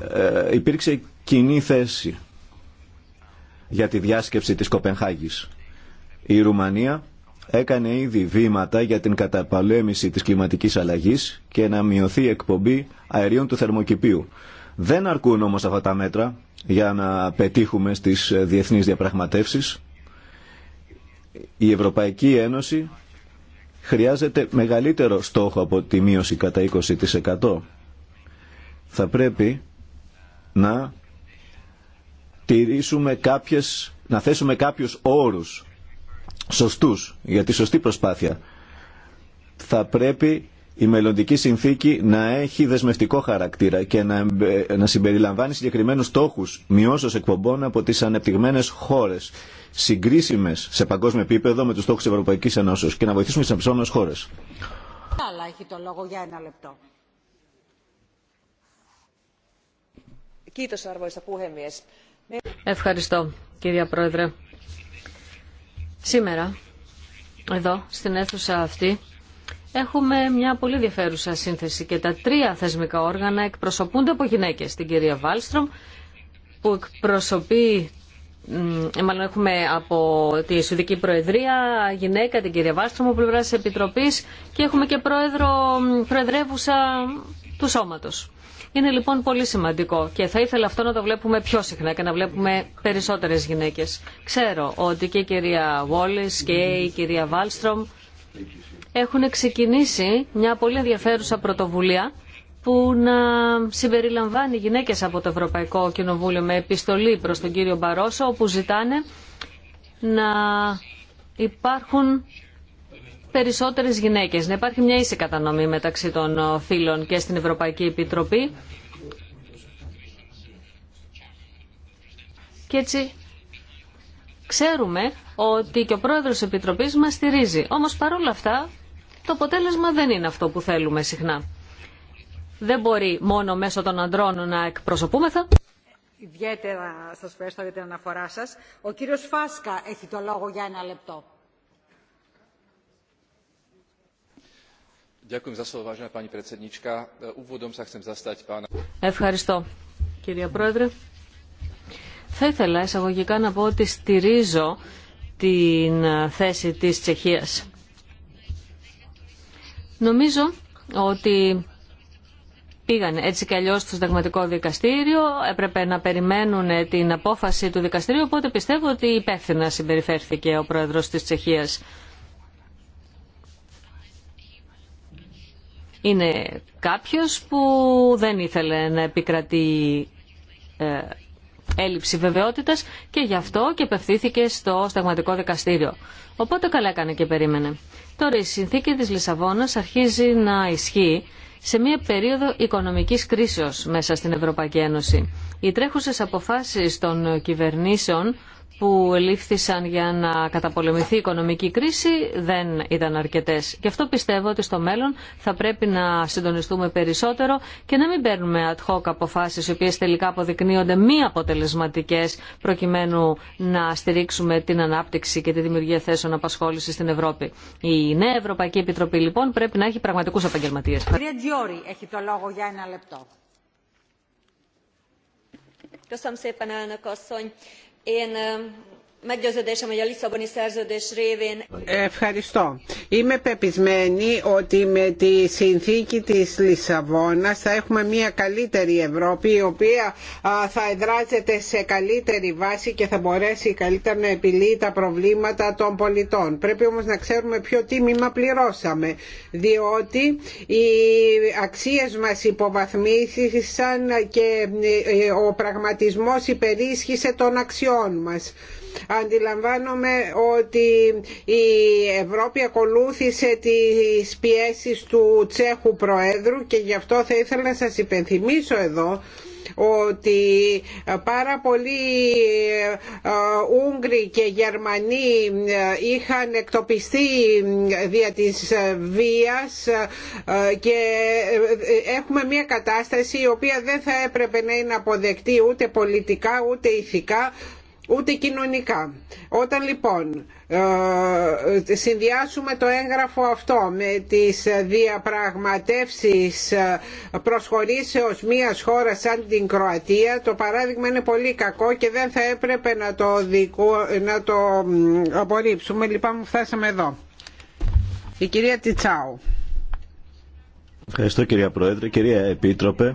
ε, υπήρξε κοινή θέση για τη διάσκεψη της Κοπενχάγης. Η Ρουμανία έκανε ήδη βήματα για την καταπαλέμηση της κλιματικής αλλαγής και να μειωθεί η εκπομπή αερίων του θερμοκηπίου. Δεν αρκούν όμως αυτά τα μέτρα για να πετύχουμε στις διεθνείς διαπραγματεύσεις. Η Ευρωπαϊκή Ένωση χρειάζεται μεγαλύτερο στόχο από τη μείωση κατά 20%. Θα πρέπει να τηρήσουμε κάποιες, να θέσουμε κάποιους όρους σωστούς για τη σωστή προσπάθεια. Θα πρέπει η μελλοντική συνθήκη να έχει δεσμευτικό χαρακτήρα και να, να συμπεριλαμβάνει συγκεκριμένους στόχους μειώσεως εκπομπών από τις ανεπτυγμένες χώρες, συγκρίσιμες σε παγκόσμιο επίπεδο με τους στόχους της Ευρωπαϊκής Ενώσεως και να βοηθήσουμε τις ανεπτυγμένες χώρες. Αλλά έχει το λόγο για ένα λεπτό. Ευχαριστώ, κυρία Πρόεδρε. Σήμερα, εδώ, στην αίθουσα αυτή, έχουμε μια πολύ ενδιαφέρουσα σύνθεση και τα τρία θεσμικά όργανα εκπροσωπούνται από γυναίκες. Την κυρία Βάλστρομ, που εκπροσωπεί μάλλον έχουμε από τη Σουδική Προεδρία γυναίκα την κυρία Βάλστρομ από πλευρά τη Επιτροπή και έχουμε και πρόεδρο, προεδρεύουσα του σώματος. Είναι λοιπόν πολύ σημαντικό και θα ήθελα αυτό να το βλέπουμε πιο συχνά και να βλέπουμε περισσότερες γυναίκες. Ξέρω ότι και η κυρία Βόλης και η κυρία Βάλστρομ έχουν ξεκινήσει μια πολύ ενδιαφέρουσα πρωτοβουλία που να συμπεριλαμβάνει γυναίκες από το Ευρωπαϊκό Κοινοβούλιο με επιστολή προς τον κύριο Μπαρόσο όπου ζητάνε να υπάρχουν περισσότερες γυναίκες, να υπάρχει μια ίση κατανομή μεταξύ των ε, φίλων και στην Ευρωπαϊκή Επιτροπή. Και έτσι ξέρουμε ότι και ο πρόεδρος Επιτροπής μας στηρίζει. Όμως παρόλα αυτά το αποτέλεσμα δεν είναι αυτό που θέλουμε συχνά. Δεν μπορεί μόνο μέσω των αντρών να εκπροσωπούμεθα. Ιδιαίτερα σας ευχαριστώ για την αναφορά σας. Ο κύριος Φάσκα έχει το λόγο για ένα λεπτό. Ευχαριστώ, κυρία Πρόεδρε. Θα ήθελα εισαγωγικά να πω ότι στηρίζω την θέση της Τσεχίας. Νομίζω ότι πήγαν έτσι και αλλιώς στο συνταγματικό δικαστήριο, έπρεπε να περιμένουν την απόφαση του δικαστηρίου, οπότε πιστεύω ότι υπεύθυνα συμπεριφέρθηκε ο πρόεδρος της Τσεχίας. Είναι κάποιος που δεν ήθελε να επικρατεί ε, έλλειψη βεβαιότητας και γι' αυτό και πευθύθηκε στο σταγματικό δικαστήριο. Οπότε καλά έκανε και περίμενε. Τώρα η συνθήκη της Λισαβόνας αρχίζει να ισχύει σε μια περίοδο οικονομικής κρίσεως μέσα στην Ευρωπαϊκή Ένωση. Οι τρέχουσες αποφάσεις των κυβερνήσεων που λήφθησαν για να καταπολεμηθεί η οικονομική κρίση δεν ήταν αρκετές. Γι' αυτό πιστεύω ότι στο μέλλον θα πρέπει να συντονιστούμε περισσότερο και να μην παίρνουμε ad hoc αποφάσεις οι οποίες τελικά αποδεικνύονται μη αποτελεσματικές προκειμένου να στηρίξουμε την ανάπτυξη και τη δημιουργία θέσεων απασχόληση στην Ευρώπη. Η νέα Ευρωπαϊκή Επιτροπή λοιπόν πρέπει να έχει πραγματικούς επαγγελματίες. Κυρία έχει το λόγο για ένα λεπτό én Ευχαριστώ. Είμαι πεπισμένη ότι με τη συνθήκη της Λισαβόνας θα έχουμε μια καλύτερη Ευρώπη η οποία θα εδράζεται σε καλύτερη βάση και θα μπορέσει καλύτερα να επιλύει τα προβλήματα των πολιτών. Πρέπει όμως να ξέρουμε ποιο τίμημα πληρώσαμε διότι οι αξίες μας υποβαθμίσαν και ε, ο πραγματισμός υπερίσχυσε των αξιών μας. Αντιλαμβάνομαι ότι η Ευρώπη ακολούθησε τις πιέσεις του Τσέχου Προέδρου και γι' αυτό θα ήθελα να σας υπενθυμίσω εδώ ότι πάρα πολλοί ε, Ούγγροι και Γερμανοί ε, είχαν εκτοπιστεί δια της ε, βίας και έχουμε μια κατάσταση η οποία δεν θα έπρεπε να είναι αποδεκτή ούτε πολιτικά ούτε ηθικά ούτε κοινωνικά. Όταν λοιπόν ε, συνδυάσουμε το έγγραφο αυτό με τις διαπραγματεύσεις ε, προσχωρήσεως μίας χώρας σαν την Κροατία το παράδειγμα είναι πολύ κακό και δεν θα έπρεπε να το, να το απορρίψουμε. λοιπόν που φτάσαμε εδώ. Η κυρία Τιτσάου. Ευχαριστώ κυρία Πρόεδρε. Κυρία Επίτροπε,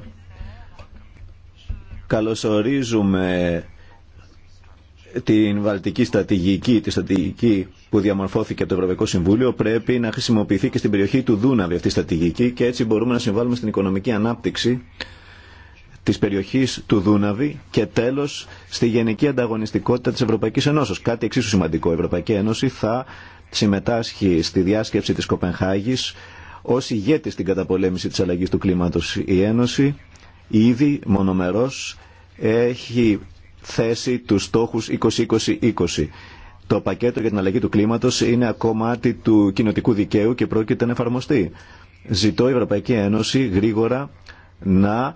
καλωσορίζουμε την βαλτική στρατηγική, τη στρατηγική που διαμορφώθηκε από το Ευρωπαϊκό Συμβούλιο, πρέπει να χρησιμοποιηθεί και στην περιοχή του Δούναβη αυτή η στρατηγική και έτσι μπορούμε να συμβάλλουμε στην οικονομική ανάπτυξη της περιοχής του Δούναβη και τέλος στη γενική ανταγωνιστικότητα της Ευρωπαϊκής Ένωσης. Κάτι εξίσου σημαντικό. Η Ευρωπαϊκή Ένωση θα συμμετάσχει στη διάσκεψη της Κοπενχάγης ως ηγέτη στην καταπολέμηση της αλλαγής του κλίματος. Η Ένωση ήδη μονομερός έχει θέση του στοχου 2020 20 Το πακέτο για την αλλαγή του κλίματο είναι ακόμα του κοινοτικού δικαίου και πρόκειται να εφαρμοστεί. Ζητώ η Ευρωπαϊκή Ένωση γρήγορα να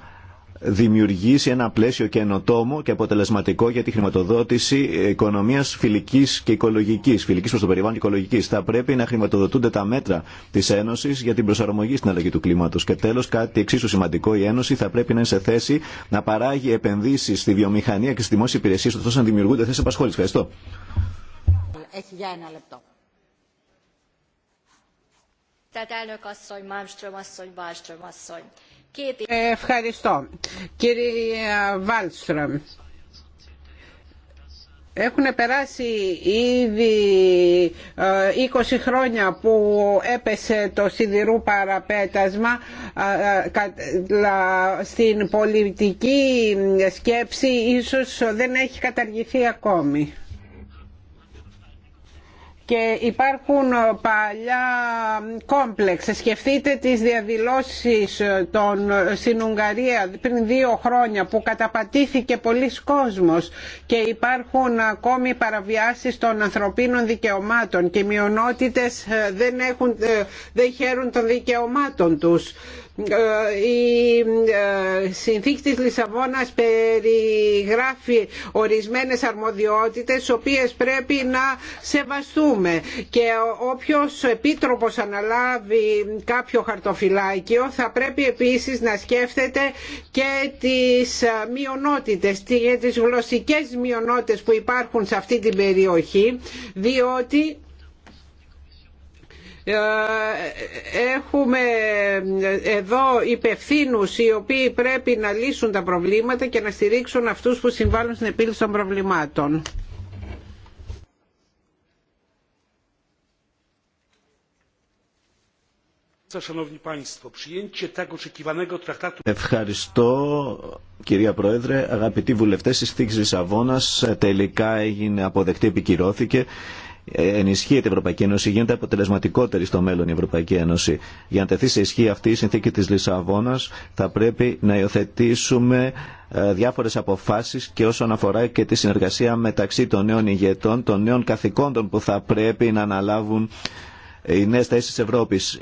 δημιουργήσει ένα πλαίσιο καινοτόμο και αποτελεσματικό για τη χρηματοδότηση οικονομία φιλική και οικολογική, φιλική προ το περιβάλλον και οικολογική. Θα πρέπει να χρηματοδοτούνται τα μέτρα τη Ένωση για την προσαρμογή στην αλλαγή του κλίματο. Και τέλο, κάτι εξίσου σημαντικό, η Ένωση θα πρέπει να είναι σε θέση να παράγει επενδύσει στη βιομηχανία και στι δημόσιε υπηρεσίε, ώστε να δημιουργούνται θέσει απασχόληση. Ευχαριστώ. Έχει για ένα λεπτό. Tehát elnök Ευχαριστώ. Κύριε Βάλστρομ. Έχουν περάσει ήδη 20 ε, χρόνια που έπεσε το σιδηρού παραπέτασμα ε, ε, στην πολιτική σκέψη ίσως δεν έχει καταργηθεί ακόμη και υπάρχουν ε, παλιά κόμπλεξ. Σκεφτείτε τις διαδηλώσεις ε, των, ε, στην Ουγγαρία πριν δύο χρόνια που καταπατήθηκε πολλοί κόσμος και υπάρχουν ακόμη παραβιάσεις των ανθρωπίνων δικαιωμάτων και οι μειονότητες δεν, έχουν, δεν χαίρουν των δικαιωμάτων τους ε, η ε, συνθήκη της Λισαβόνας περιγράφει ορισμένες αρμοδιότητες τις οποίες πρέπει να σεβαστούμε και όποιος επίτροπος αναλάβει κάποιο χαρτοφυλάκιο θα πρέπει επίσης να σκέφτεται και τις μειονότητες, τις γλωσσικές μειονότητες που υπάρχουν σε αυτή την περιοχή διότι ε, έχουμε εδώ υπευθύνου, οι οποίοι πρέπει να λύσουν τα προβλήματα και να στηρίξουν αυτούς που συμβάλλουν στην επίλυση των προβλημάτων. Ευχαριστώ κυρία Πρόεδρε, αγαπητοί βουλευτές, η στήξη Αβώνας, τελικά έγινε αποδεκτή, επικυρώθηκε ενισχύεται η Ευρωπαϊκή Ένωση, γίνεται αποτελεσματικότερη στο μέλλον η Ευρωπαϊκή Ένωση. Για να τεθεί σε ισχύ αυτή η συνθήκη της Λισαβόνας θα πρέπει να υιοθετήσουμε ε, διάφορες αποφάσεις και όσον αφορά και τη συνεργασία μεταξύ των νέων ηγετών, των νέων καθηκόντων που θα πρέπει να αναλάβουν ε, οι νέες θέσεις της Ευρώπης.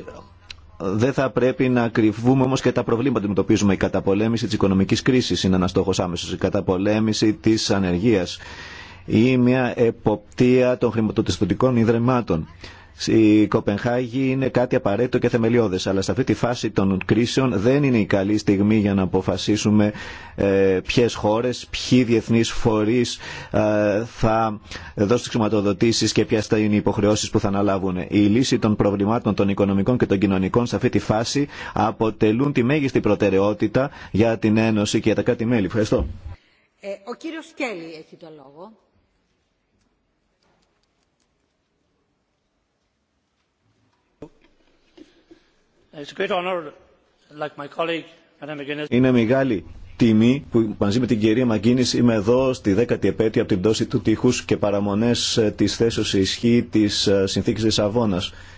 Δεν θα πρέπει να κρυβούμε όμω και τα προβλήματα που αντιμετωπίζουμε. Η καταπολέμηση τη οικονομική κρίση είναι ένα στόχο άμεσο. Η καταπολέμηση τη ανεργία ή μια εποπτεία των χρηματοπιστωτικών ιδρυμάτων. Η Κοπενχάγη είναι κάτι απαραίτητο και θεμελιώδε, αλλά σε αυτή τη φάση των κρίσεων δεν είναι η καλή στιγμή για να αποφασίσουμε ε, ποιε χώρε, ποιοι διεθνεί φορεί ε, θα δώσουν χρηματοδοτήσει και ποιε θα είναι οι υποχρεώσει που θα αναλάβουν. Η λύση των προβλημάτων των οικονομικών και των κοινωνικών σε αυτή τη φάση αποτελούν τη μέγιστη προτεραιότητα για την Ένωση και για τα κράτη-μέλη. Ευχαριστώ. Ε, ο κύριο Σκέλη έχει το λόγο. Είναι μεγάλη τιμή που μαζί με την κυρία Μαγκίνης είμαι εδώ στη δέκατη επέτειο από την πτώση του τείχους και παραμονές ε, της θέσεως ισχύ της ε, συνθήκης της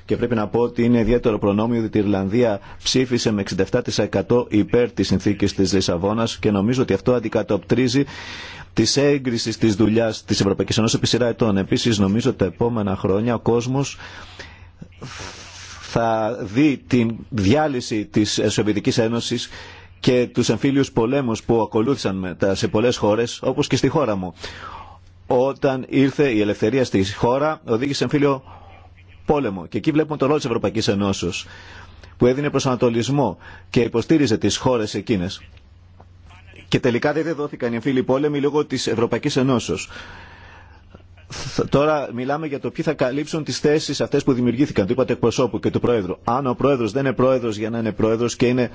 Και πρέπει να πω ότι είναι ιδιαίτερο προνόμιο ότι η Ιρλανδία ψήφισε με 67% υπέρ της συνθήκης της Λισαβόνας και νομίζω ότι αυτό αντικατοπτρίζει τη έγκριση τη δουλειά τη Ευρωπαϊκή Ένωση επί σειρά ετών. Επίση, νομίζω ότι τα επόμενα χρόνια ο κόσμο θα δει την διάλυση της Σοβιετικής Ένωσης και τους εμφύλιους πολέμους που ακολούθησαν μετά σε πολλές χώρες, όπως και στη χώρα μου. Όταν ήρθε η ελευθερία στη χώρα, οδήγησε εμφύλιο πόλεμο. Και εκεί βλέπουμε το ρόλο της Ευρωπαϊκής Ενώσεως, που έδινε προσανατολισμό και υποστήριζε τις χώρες εκείνες. Και τελικά δεν δόθηκαν οι εμφύλοι πόλεμοι λόγω της Ευρωπαϊκής Ενώσεως. Τώρα μιλάμε για το ποιοι θα καλύψουν τι θέσει αυτέ που δημιουργήθηκαν. Το είπατε εκπροσώπου και του πρόεδρου. Αν ο πρόεδρο δεν είναι πρόεδρο για να είναι πρόεδρο και είναι.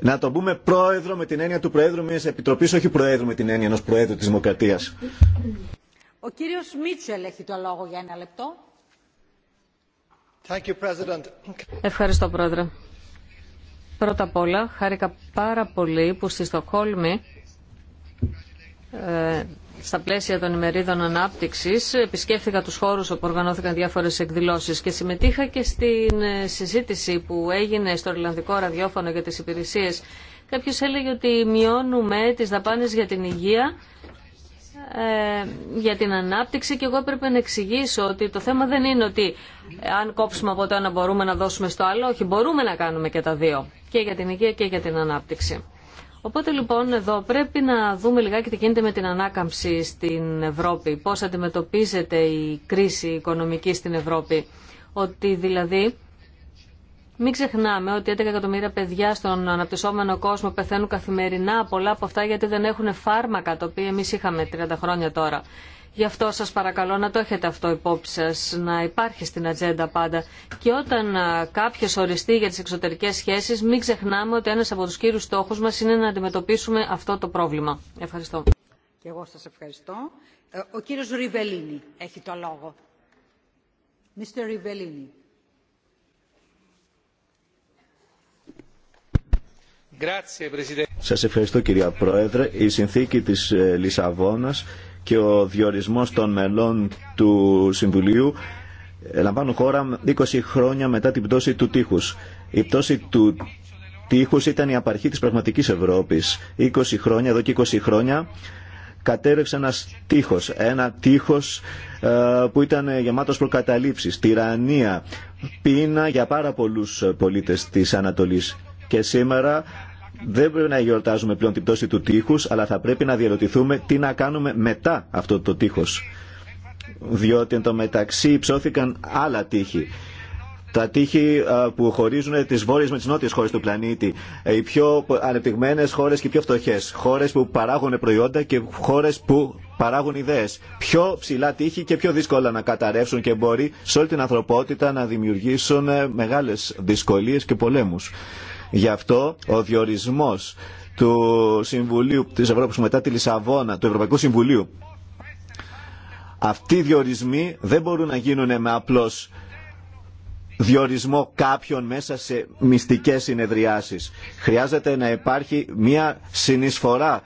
Να το πούμε πρόεδρο με την έννοια του πρόεδρου μια επιτροπή, όχι πρόεδρο με την έννοια ενό πρόεδρου τη Δημοκρατία. Ο κύριο Μίτσελ έχει το λόγο για ένα λεπτό. Thank you, Ευχαριστώ, Πρόεδρε. Πρώτα απ' όλα, χάρηκα πάρα πολύ που στη Στοκχόλμη ε, στα πλαίσια των ημερίδων ανάπτυξη, επισκέφθηκα του χώρου όπου οργανώθηκαν διάφορε εκδηλώσει και συμμετείχα και στην ε, συζήτηση που έγινε στο Ιρλανδικό ραδιόφωνο για τι Υπηρεσίε. Κάποιο έλεγε ότι μειώνουμε τι δαπάνε για την υγεία ε, για την ανάπτυξη και εγώ έπρεπε να εξηγήσω ότι το θέμα δεν είναι ότι αν κόψουμε από το ένα μπορούμε να δώσουμε στο άλλο, όχι μπορούμε να κάνουμε και τα δύο, και για την υγεία και για την ανάπτυξη. Οπότε λοιπόν εδώ πρέπει να δούμε λιγάκι τι γίνεται με την ανάκαμψη στην Ευρώπη, πώς αντιμετωπίζεται η κρίση οικονομική στην Ευρώπη. Ότι δηλαδή μην ξεχνάμε ότι 11 εκατομμύρια παιδιά στον αναπτυσσόμενο κόσμο πεθαίνουν καθημερινά πολλά από αυτά γιατί δεν έχουν φάρμακα, το οποίο εμείς είχαμε 30 χρόνια τώρα. Γι' αυτό σας παρακαλώ να το έχετε αυτό υπόψη σας, να υπάρχει στην ατζέντα πάντα. Και όταν κάποιος οριστεί για τις εξωτερικές σχέσεις, μην ξεχνάμε ότι ένας από τους κύριους στόχους μας είναι να αντιμετωπίσουμε αυτό το πρόβλημα. Ευχαριστώ. Και εγώ σας ευχαριστώ. Ε, ο κύριος Ριβελίνη έχει το λόγο. Mr. Ριβελίνη. Σας ευχαριστώ κυρία Πρόεδρε. Η συνθήκη της ε, Λισαβόνας και ο διορισμός των μελών του Συμβουλίου ε, λαμβάνουν χώρα 20 χρόνια μετά την πτώση του τείχους. Η πτώση του τείχους ήταν η απαρχή της πραγματικής Ευρώπης. 20 χρόνια, εδώ και 20 χρόνια κατέρευσε ένας τείχος, ένα τείχος ε, που ήταν γεμάτος προκαταλήψεις, τυραννία, πείνα για πάρα πολλούς πολίτες της Ανατολής. Και σήμερα δεν πρέπει να γιορτάζουμε πλέον την πτώση του τείχους, αλλά θα πρέπει να διαρωτηθούμε τι να κάνουμε μετά αυτό το τείχος. Διότι εν τω μεταξύ ψώθηκαν άλλα τείχη. Τα τείχη που χωρίζουν τι βόρειε με τι νότιε χώρε του πλανήτη, ε, οι πιο ανεπτυγμένε χώρε και οι πιο φτωχέ, χώρε που παράγουν προϊόντα και χώρε που παράγουν ιδέε. Πιο ψηλά τείχη και πιο δύσκολα να καταρρεύσουν και μπορεί σε όλη την ανθρωπότητα να δημιουργήσουν ε, μεγάλε δυσκολίε και πολέμου. Γι' αυτό ο διορισμός του Συμβουλίου της Ευρώπης μετά τη Λισαβόνα, του Ευρωπαϊκού Συμβουλίου, αυτοί οι διορισμοί δεν μπορούν να γίνουν με απλώς διορισμό κάποιων μέσα σε μυστικές συνεδριάσεις. Χρειάζεται να υπάρχει μια συνεισφορά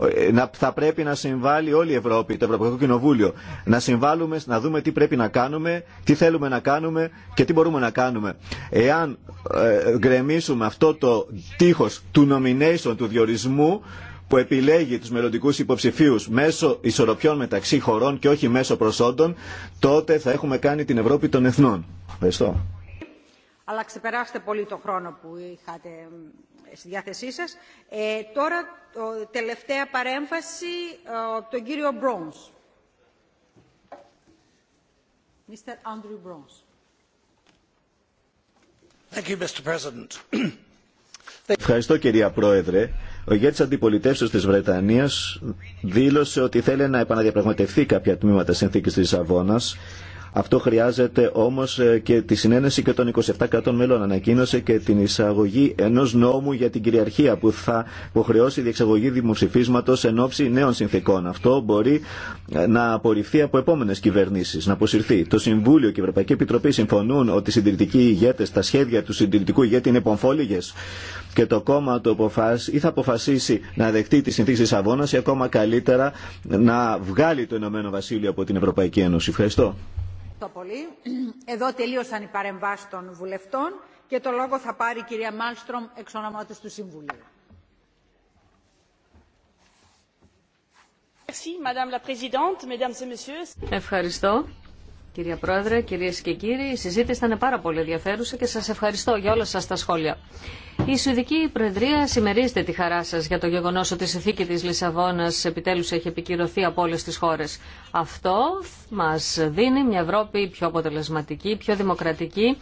ε, να, θα πρέπει να συμβάλλει όλη η Ευρώπη, το Ευρωπαϊκό Κοινοβούλιο. Να συμβάλλουμε, να δούμε τι πρέπει να κάνουμε, τι θέλουμε να κάνουμε και τι μπορούμε να κάνουμε. Εάν ε, γκρεμίσουμε αυτό το τείχος του nomination, του διορισμού, που επιλέγει τους μελλοντικού υποψηφίους μέσω ισορροπιών μεταξύ χωρών και όχι μέσω προσόντων, τότε θα έχουμε κάνει την Ευρώπη των Εθνών. Ευχαριστώ. Αλλά πολύ το χρόνο που είχατε στη διάθεσή σας. Ε, τώρα, τελευταία παρέμφαση, ε, τον κύριο Μπρόνς. Mr. Andrew Ευχαριστώ κυρία Πρόεδρε. Ο ηγέτης αντιπολιτεύσεως της Βρετανίας δήλωσε ότι θέλει να επαναδιαπραγματευτεί κάποια τμήματα συνθήκης της Λισαβόνας αυτό χρειάζεται όμω ε, και τη συνένεση και των 27 κρατών μέλων. Ανακοίνωσε και την εισαγωγή ενό νόμου για την κυριαρχία που θα υποχρεώσει η διεξαγωγή δημοψηφίσματος εν ώψη νέων συνθήκων. Αυτό μπορεί ε, να απορριφθεί από επόμενε κυβερνήσει, να αποσυρθεί. Το Συμβούλιο και η Ευρωπαϊκή Επιτροπή συμφωνούν ότι οι συντηρητικοί ηγέτε, τα σχέδια του συντηρητικού ηγέτη είναι πομφόλιγες και το κόμμα το αποφάσει ή θα αποφασίσει να δεχτεί τη συνθήκη τη αγώνα ή ακόμα καλύτερα να βγάλει το Ηνωμένο Βασίλειο από την Ευρωπαϊκή Ένωση. Ευχαριστώ πολύ. Εδώ τελείωσαν οι παρεμβάσει των βουλευτών και το λόγο θα πάρει η κυρία Μάλστρομ εξ ονόματος του Συμβουλίου. Ευχαριστώ κυρία Πρόεδρε, κυρίες και κύριοι. Η συζήτηση ήταν πάρα πολύ ενδιαφέρουσα και σας ευχαριστώ για όλα σας τα σχόλια. Η Σουηδική Προεδρία συμμερίζεται τη χαρά σα για το γεγονό ότι η συνθήκη τη Λισαβόνα επιτέλου έχει επικυρωθεί από όλε τι χώρε. Αυτό μα δίνει μια Ευρώπη πιο αποτελεσματική, πιο δημοκρατική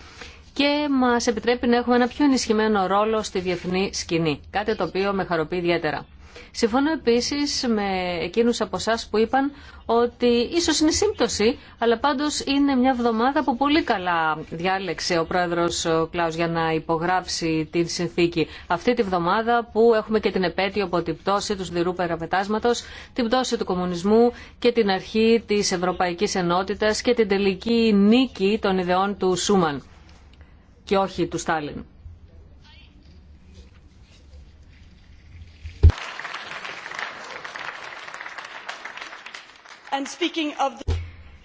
και μα επιτρέπει να έχουμε ένα πιο ενισχυμένο ρόλο στη διεθνή σκηνή. Κάτι το οποίο με χαροποιεί ιδιαίτερα. Συμφωνώ επίσης με εκείνου από εσά που είπαν ότι ίσως είναι σύμπτωση, αλλά πάντως είναι μια εβδομάδα που πολύ καλά διάλεξε ο πρόεδρος Κλάους για να υπογράψει την συνθήκη. Αυτή τη βδομάδα που έχουμε και την επέτειο από την πτώση του σδηρού περαπετάσματο, την πτώση του κομμουνισμού και την αρχή της Ευρωπαϊκής ενότητα και την τελική νίκη των ιδεών του Σούμαν και όχι του Στάλιν.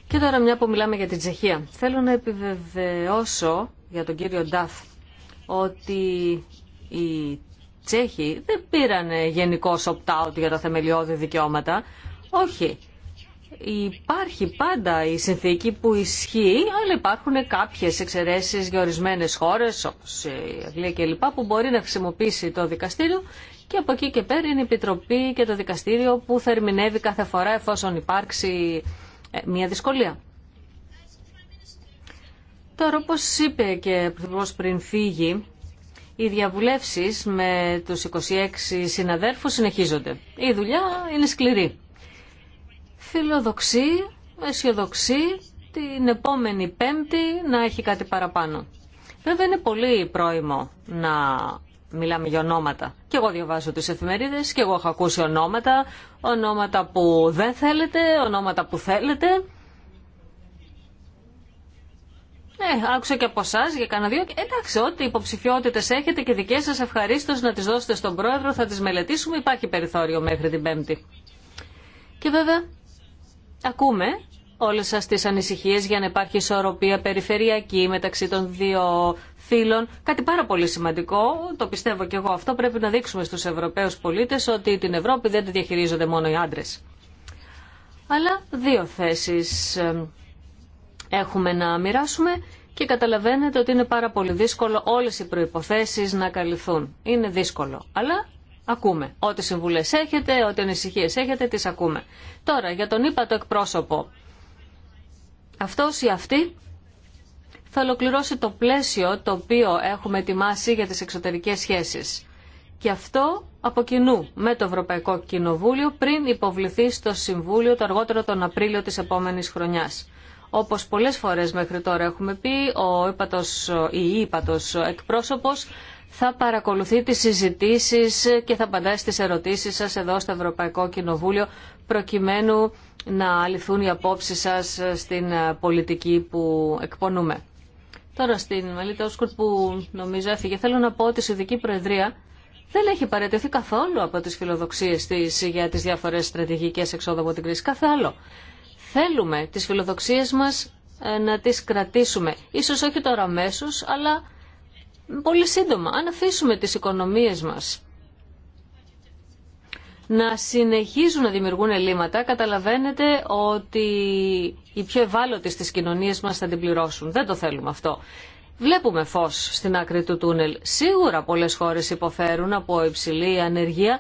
Και τώρα μια που μιλάμε για την Τσεχία. Θέλω να επιβεβαιώσω για τον κύριο Νταφ ότι οι Τσέχοι δεν πήραν γενικό opt-out για τα θεμελιώδη δικαιώματα. Όχι. Υπάρχει πάντα η συνθήκη που ισχύει, αλλά υπάρχουν κάποιες εξαιρέσεις για ορισμένες χώρες, όπως η Αγγλία κλπ, που μπορεί να χρησιμοποιήσει το δικαστήριο και από εκεί και πέρα είναι η Επιτροπή και το Δικαστήριο που θα κάθε φορά εφόσον υπάρξει ε, μια δυσκολία. Τώρα, όπω είπε και ο πριν φύγει, οι διαβουλεύσεις με τους 26 συναδέρφους συνεχίζονται. Η δουλειά είναι σκληρή. Φιλοδοξεί, αισιοδοξεί την επόμενη πέμπτη να έχει κάτι παραπάνω. Βέβαια είναι πολύ πρόημο να μιλάμε για ονόματα. Και εγώ διαβάζω τις εφημερίδες και εγώ έχω ακούσει ονόματα, ονόματα που δεν θέλετε, ονόματα που θέλετε. Ναι, άκουσα και από εσά για κανένα δύο. Εντάξει, ό,τι υποψηφιότητε έχετε και δικέ σα ευχαρίστω να τι δώσετε στον πρόεδρο, θα τι μελετήσουμε. Υπάρχει περιθώριο μέχρι την Πέμπτη. Και βέβαια, ακούμε όλες σας τις ανησυχίες για να υπάρχει ισορροπία περιφερειακή μεταξύ των δύο φύλων. Κάτι πάρα πολύ σημαντικό, το πιστεύω και εγώ αυτό, πρέπει να δείξουμε στους Ευρωπαίους πολίτες ότι την Ευρώπη δεν τη διαχειρίζονται μόνο οι άντρες. Αλλά δύο θέσεις ε, έχουμε να μοιράσουμε και καταλαβαίνετε ότι είναι πάρα πολύ δύσκολο όλες οι προϋποθέσεις να καλυφθούν. Είναι δύσκολο, αλλά ακούμε. Ό,τι συμβουλές έχετε, ό,τι ανησυχίες έχετε, τις ακούμε. Τώρα, για τον είπα το εκπρόσωπο. Αυτός ή αυτή θα ολοκληρώσει το πλαίσιο το οποίο έχουμε ετοιμάσει για τις εξωτερικές σχέσεις. Και αυτό από κοινού με το Ευρωπαϊκό Κοινοβούλιο πριν υποβληθεί στο Συμβούλιο το αργότερο τον Απρίλιο της επόμενης χρονιάς. Όπως πολλές φορές μέχρι τώρα έχουμε πει, ο ύπατος, η ύπατος εκπρόσωπος θα παρακολουθεί τις συζητήσεις και θα απαντάει στις ερωτήσεις σας εδώ στο Ευρωπαϊκό Κοινοβούλιο προκειμένου να αληθούν οι απόψεις σας στην ε, πολιτική που εκπονούμε. Τώρα στην Μελίτα Όσκουρτ που νομίζω έφυγε, θέλω να πω ότι η Συνδική Προεδρία δεν έχει παραιτηθεί καθόλου από τις φιλοδοξίες της για τις διάφορες στρατηγικές εξόδου από την κρίση. Κάθε άλλο. Θέλουμε τις φιλοδοξίες μας ε, να τις κρατήσουμε. Ίσως όχι τώρα αμέσω, αλλά πολύ σύντομα. Αν αφήσουμε τις οικονομίες μας να συνεχίζουν να δημιουργούν ελλείμματα, καταλαβαίνετε ότι οι πιο ευάλωτοι στις κοινωνίες μας θα την πληρώσουν. Δεν το θέλουμε αυτό. Βλέπουμε φως στην άκρη του τούνελ. Σίγουρα πολλές χώρες υποφέρουν από υψηλή ανεργία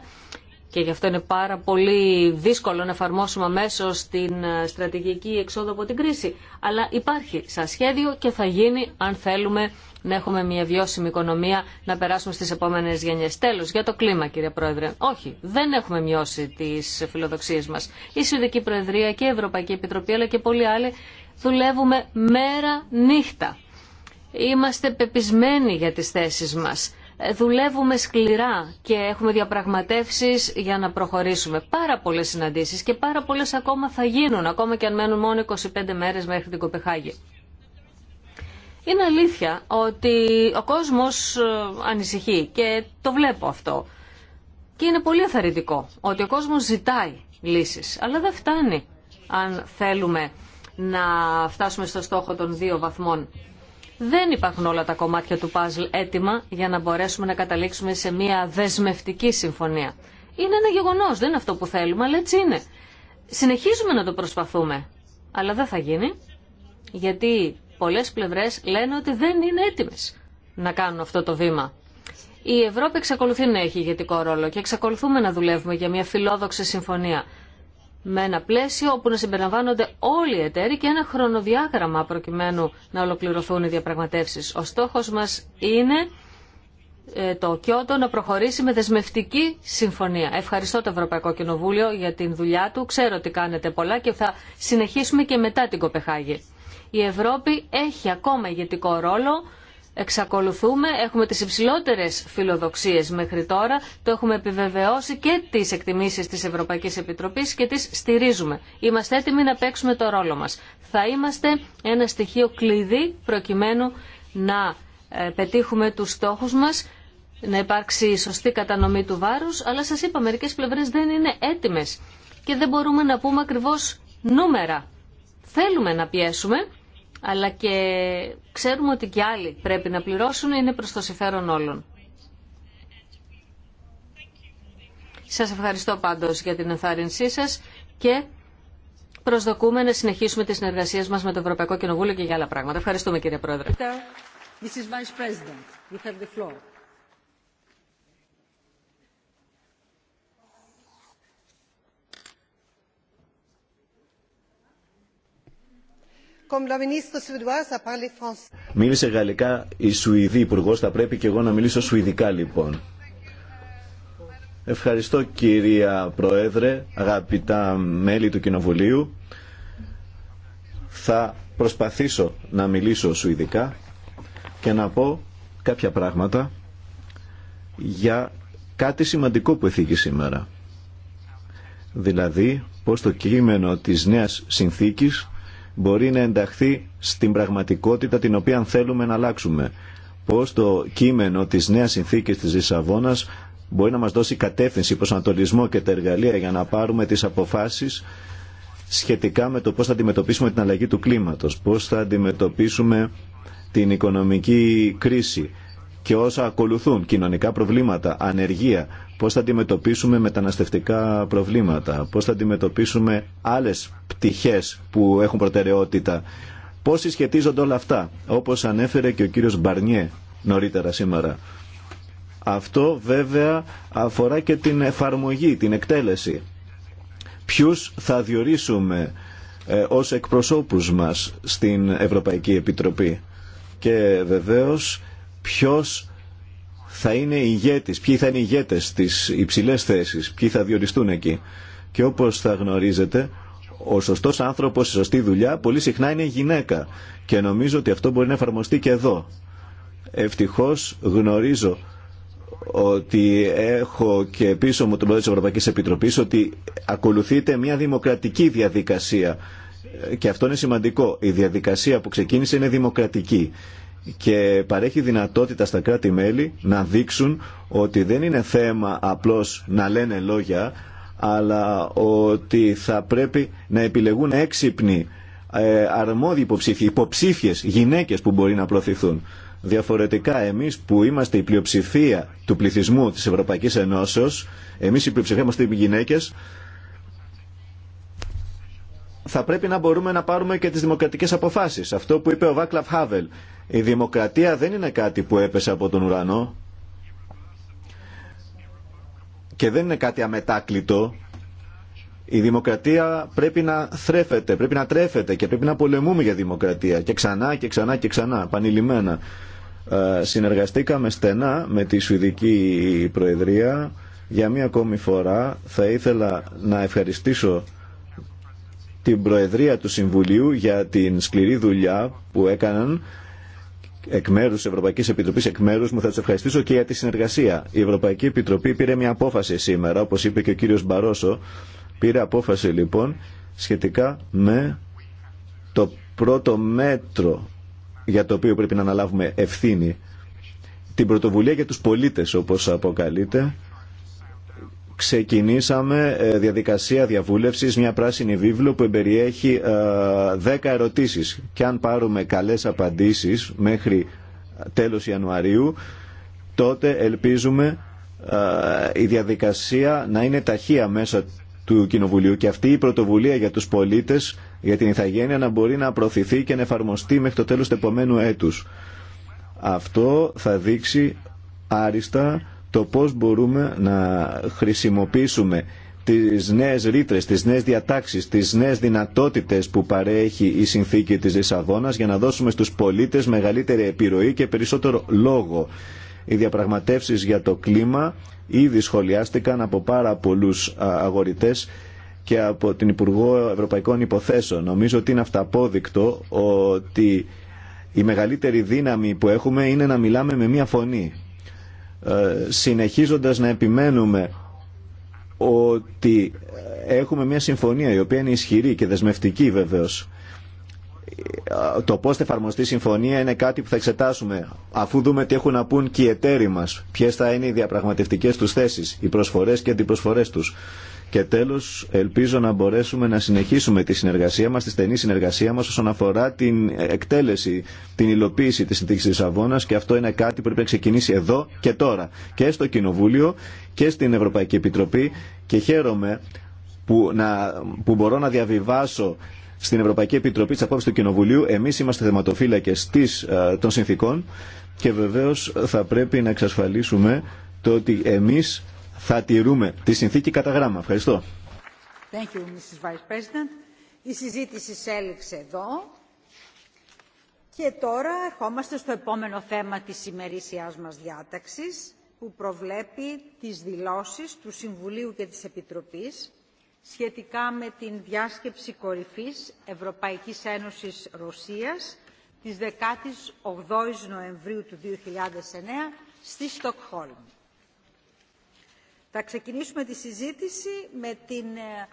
και γι' αυτό είναι πάρα πολύ δύσκολο να εφαρμόσουμε αμέσω την ε, στρατηγική εξόδο από την κρίση. Αλλά υπάρχει σαν σχέδιο και θα γίνει αν θέλουμε να έχουμε μια βιώσιμη οικονομία να περάσουμε στι επόμενε γενιές. Τέλο, για το κλίμα κύριε Πρόεδρε. Όχι, δεν έχουμε μειώσει τι φιλοδοξίε μα. Η Συνδική Προεδρία και η Ευρωπαϊκή Επιτροπή αλλά και πολλοί άλλοι δουλεύουμε μέρα νύχτα. Είμαστε πεπισμένοι για τι θέσει μα δουλεύουμε σκληρά και έχουμε διαπραγματεύσεις για να προχωρήσουμε. Πάρα πολλές συναντήσεις και πάρα πολλές ακόμα θα γίνουν, ακόμα και αν μένουν μόνο 25 μέρες μέχρι την Κοπεχάγη. Είναι αλήθεια ότι ο κόσμος ε, ανησυχεί και το βλέπω αυτό. Και είναι πολύ αθαρρυντικό ότι ο κόσμος ζητάει λύσεις, αλλά δεν φτάνει αν θέλουμε να φτάσουμε στο στόχο των δύο βαθμών δεν υπάρχουν όλα τα κομμάτια του παζλ έτοιμα για να μπορέσουμε να καταλήξουμε σε μια δεσμευτική συμφωνία. Είναι ένα γεγονός, δεν είναι αυτό που θέλουμε, αλλά έτσι είναι. Συνεχίζουμε να το προσπαθούμε, αλλά δεν θα γίνει, γιατί πολλές πλευρές λένε ότι δεν είναι έτοιμες να κάνουν αυτό το βήμα. Η Ευρώπη εξακολουθεί να έχει ηγετικό ρόλο και εξακολουθούμε να δουλεύουμε για μια φιλόδοξη συμφωνία με ένα πλαίσιο όπου να συμπεριλαμβάνονται όλοι οι εταίροι και ένα χρονοδιάγραμμα προκειμένου να ολοκληρωθούν οι διαπραγματεύσεις. Ο στόχος μας είναι ε, το Κιώτο να προχωρήσει με δεσμευτική συμφωνία. Ευχαριστώ το Ευρωπαϊκό Κοινοβούλιο για την δουλειά του. Ξέρω ότι κάνετε πολλά και θα συνεχίσουμε και μετά την Κοπεχάγη. Η Ευρώπη έχει ακόμα ηγετικό ρόλο εξακολουθούμε, έχουμε τις υψηλότερες φιλοδοξίες μέχρι τώρα, το έχουμε επιβεβαιώσει και τις εκτιμήσεις της Ευρωπαϊκής Επιτροπής και τις στηρίζουμε. Είμαστε έτοιμοι να παίξουμε το ρόλο μας. Θα είμαστε ένα στοιχείο κλειδί προκειμένου να ε, πετύχουμε τους στόχους μας, να υπάρξει σωστή κατανομή του βάρους, αλλά σας είπα μερικές πλευρές δεν είναι έτοιμες και δεν μπορούμε να πούμε ακριβώς νούμερα. Θέλουμε να πιέσουμε, αλλά και ξέρουμε ότι και άλλοι πρέπει να πληρώσουν, είναι προς το συμφέρον όλων. Σας ευχαριστώ πάντως για την ενθάρρυνσή σας και προσδοκούμε να συνεχίσουμε τις συνεργασίες μας με το Ευρωπαϊκό Κοινοβούλιο και για άλλα πράγματα. Ευχαριστούμε κύριε Πρόεδρε. Μίλησε γαλλικά η Σουηδή υπουργό, θα πρέπει και εγώ να μιλήσω σουηδικά λοιπόν. Ευχαριστώ κυρία Προέδρε, αγαπητά μέλη του Κοινοβουλίου. Θα προσπαθήσω να μιλήσω σουηδικά και να πω κάποια πράγματα για κάτι σημαντικό που εθίγει σήμερα. Δηλαδή, πως το κείμενο της νέας συνθήκης μπορεί να ενταχθεί στην πραγματικότητα την οποία θέλουμε να αλλάξουμε. Πώς το κείμενο της νέας συνθήκης της Λισαβόνας μπορεί να μας δώσει κατεύθυνση, προσανατολισμό και τα εργαλεία για να πάρουμε τις αποφάσεις σχετικά με το πώς θα αντιμετωπίσουμε την αλλαγή του κλίματος, πώς θα αντιμετωπίσουμε την οικονομική κρίση, και όσα ακολουθούν κοινωνικά προβλήματα, ανεργία, πώς θα αντιμετωπίσουμε μεταναστευτικά προβλήματα, πώς θα αντιμετωπίσουμε άλλες πτυχές που έχουν προτεραιότητα, πώς συσχετίζονται όλα αυτά, όπως ανέφερε και ο κύριος Μπαρνιέ νωρίτερα σήμερα. Αυτό βέβαια αφορά και την εφαρμογή, την εκτέλεση. Ποιους θα διορίσουμε ε, ως εκπροσώπους μας στην Ευρωπαϊκή Επιτροπή. Και βεβαίως ποιος θα είναι ηγέτης, ποιοι θα είναι ηγέτες στις υψηλές θέσεις, ποιοι θα διοριστούν εκεί. Και όπως θα γνωρίζετε, ο σωστός άνθρωπος, η σωστή δουλειά, πολύ συχνά είναι γυναίκα. Και νομίζω ότι αυτό μπορεί να εφαρμοστεί και εδώ. Ευτυχώς γνωρίζω ότι έχω και πίσω μου τον πρόεδρο της Ευρωπαϊκής Επιτροπής ότι ακολουθείται μια δημοκρατική διαδικασία και αυτό είναι σημαντικό. Η διαδικασία που ξεκίνησε είναι δημοκρατική και παρέχει δυνατότητα στα κράτη-μέλη να δείξουν ότι δεν είναι θέμα απλώς να λένε λόγια, αλλά ότι θα πρέπει να επιλεγούν έξυπνοι, ε, αρμόδιοι υποψήφοι, υποψήφιες γυναίκες που μπορεί να προωθηθούν. Διαφορετικά εμείς που είμαστε η πλειοψηφία του πληθυσμού της Ευρωπαϊκής Ενώσεως, εμείς η πλειοψηφία είμαστε οι γυναίκες, θα πρέπει να μπορούμε να πάρουμε και τις δημοκρατικές αποφάσεις. Αυτό που είπε ο Βάκλαφ Χάβελ. Η δημοκρατία δεν είναι κάτι που έπεσε από τον ουρανό και δεν είναι κάτι αμετάκλητο. Η δημοκρατία πρέπει να θρέφεται, πρέπει να τρέφεται και πρέπει να πολεμούμε για δημοκρατία και ξανά και ξανά και ξανά, πανηλημμένα. Ε, συνεργαστήκαμε στενά με τη Σουηδική Προεδρία για μία ακόμη φορά. Θα ήθελα να ευχαριστήσω την Προεδρία του Συμβουλίου για την σκληρή δουλειά που έκαναν εκ μέρου τη Ευρωπαϊκή Επιτροπή, εκ μέρου μου, θα του ευχαριστήσω και για τη συνεργασία. Η Ευρωπαϊκή Επιτροπή πήρε μια απόφαση σήμερα, όπω είπε και ο κύριο Μπαρόσο. Πήρε απόφαση λοιπόν σχετικά με το πρώτο μέτρο για το οποίο πρέπει να αναλάβουμε ευθύνη. Την πρωτοβουλία για τους πολίτες όπως αποκαλείται ξεκινήσαμε ε, διαδικασία διαβούλευσης, μια πράσινη βίβλο που περιέχει 10 ε, ερωτήσεις. Και αν πάρουμε καλές απαντήσεις μέχρι ε, τέλος Ιανουαρίου, τότε ελπίζουμε η διαδικασία να είναι ταχεία μέσα του Κοινοβουλίου και αυτή η πρωτοβουλία για τους πολίτες, για την Ιθαγένεια, να μπορεί να προωθηθεί και να εφαρμοστεί μέχρι το τέλος του επομένου έτους. Αυτό θα δείξει άριστα το πώς μπορούμε να χρησιμοποιήσουμε τις νέες ρήτρες, τις νέες διατάξεις, τις νέες δυνατότητες που παρέχει η συνθήκη της Λισαβόνα για να δώσουμε στους πολίτες μεγαλύτερη επιρροή και περισσότερο λόγο. Οι διαπραγματεύσεις για το κλίμα ήδη σχολιάστηκαν από πάρα πολλούς αγορητές και από την Υπουργό Ευρωπαϊκών Υποθέσεων. Νομίζω ότι είναι αυταπόδεικτο ότι η μεγαλύτερη δύναμη που έχουμε είναι να μιλάμε με μία φωνή ε, συνεχίζοντας να επιμένουμε ότι έχουμε μια συμφωνία η οποία είναι ισχυρή και δεσμευτική βεβαίως ε, το πώς θα εφαρμοστεί η συμφωνία είναι κάτι που θα εξετάσουμε αφού δούμε τι έχουν να πούν και οι εταίροι μας ποιες θα είναι οι διαπραγματευτικές τους θέσεις οι προσφορές και αντιπροσφορές τους και τέλο, ελπίζω να μπορέσουμε να συνεχίσουμε τη συνεργασία μα, τη στενή συνεργασία μας όσον αφορά την εκτέλεση, την υλοποίηση της συνθήκη τη Αβώνα. και αυτό είναι κάτι που πρέπει να ξεκινήσει εδώ και τώρα και στο Κοινοβούλιο και στην Ευρωπαϊκή Επιτροπή και χαίρομαι που, να, που μπορώ να διαβιβάσω στην Ευρωπαϊκή Επιτροπή τη απόψη του Κοινοβουλίου. Εμεί είμαστε θεματοφύλακες ε, των συνθήκων και βεβαίω θα πρέπει να εξασφαλίσουμε το ότι εμείς θα τηρούμε τη συνθήκη κατά γράμμα. Ευχαριστώ. Thank you, Mrs. Vice President. Η συζήτηση σέλιξε εδώ. Και τώρα ερχόμαστε στο επόμενο θέμα της ημερήσιάς μας διάταξης που προβλέπει τις δηλώσεις του Συμβουλίου και της Επιτροπής σχετικά με την διάσκεψη κορυφής Ευρωπαϊκής Ένωσης Ρωσίας της 18ης Νοεμβρίου του 2009 στη Στοκχόλμη. Θα ξεκινήσουμε τη συζήτηση με την ε,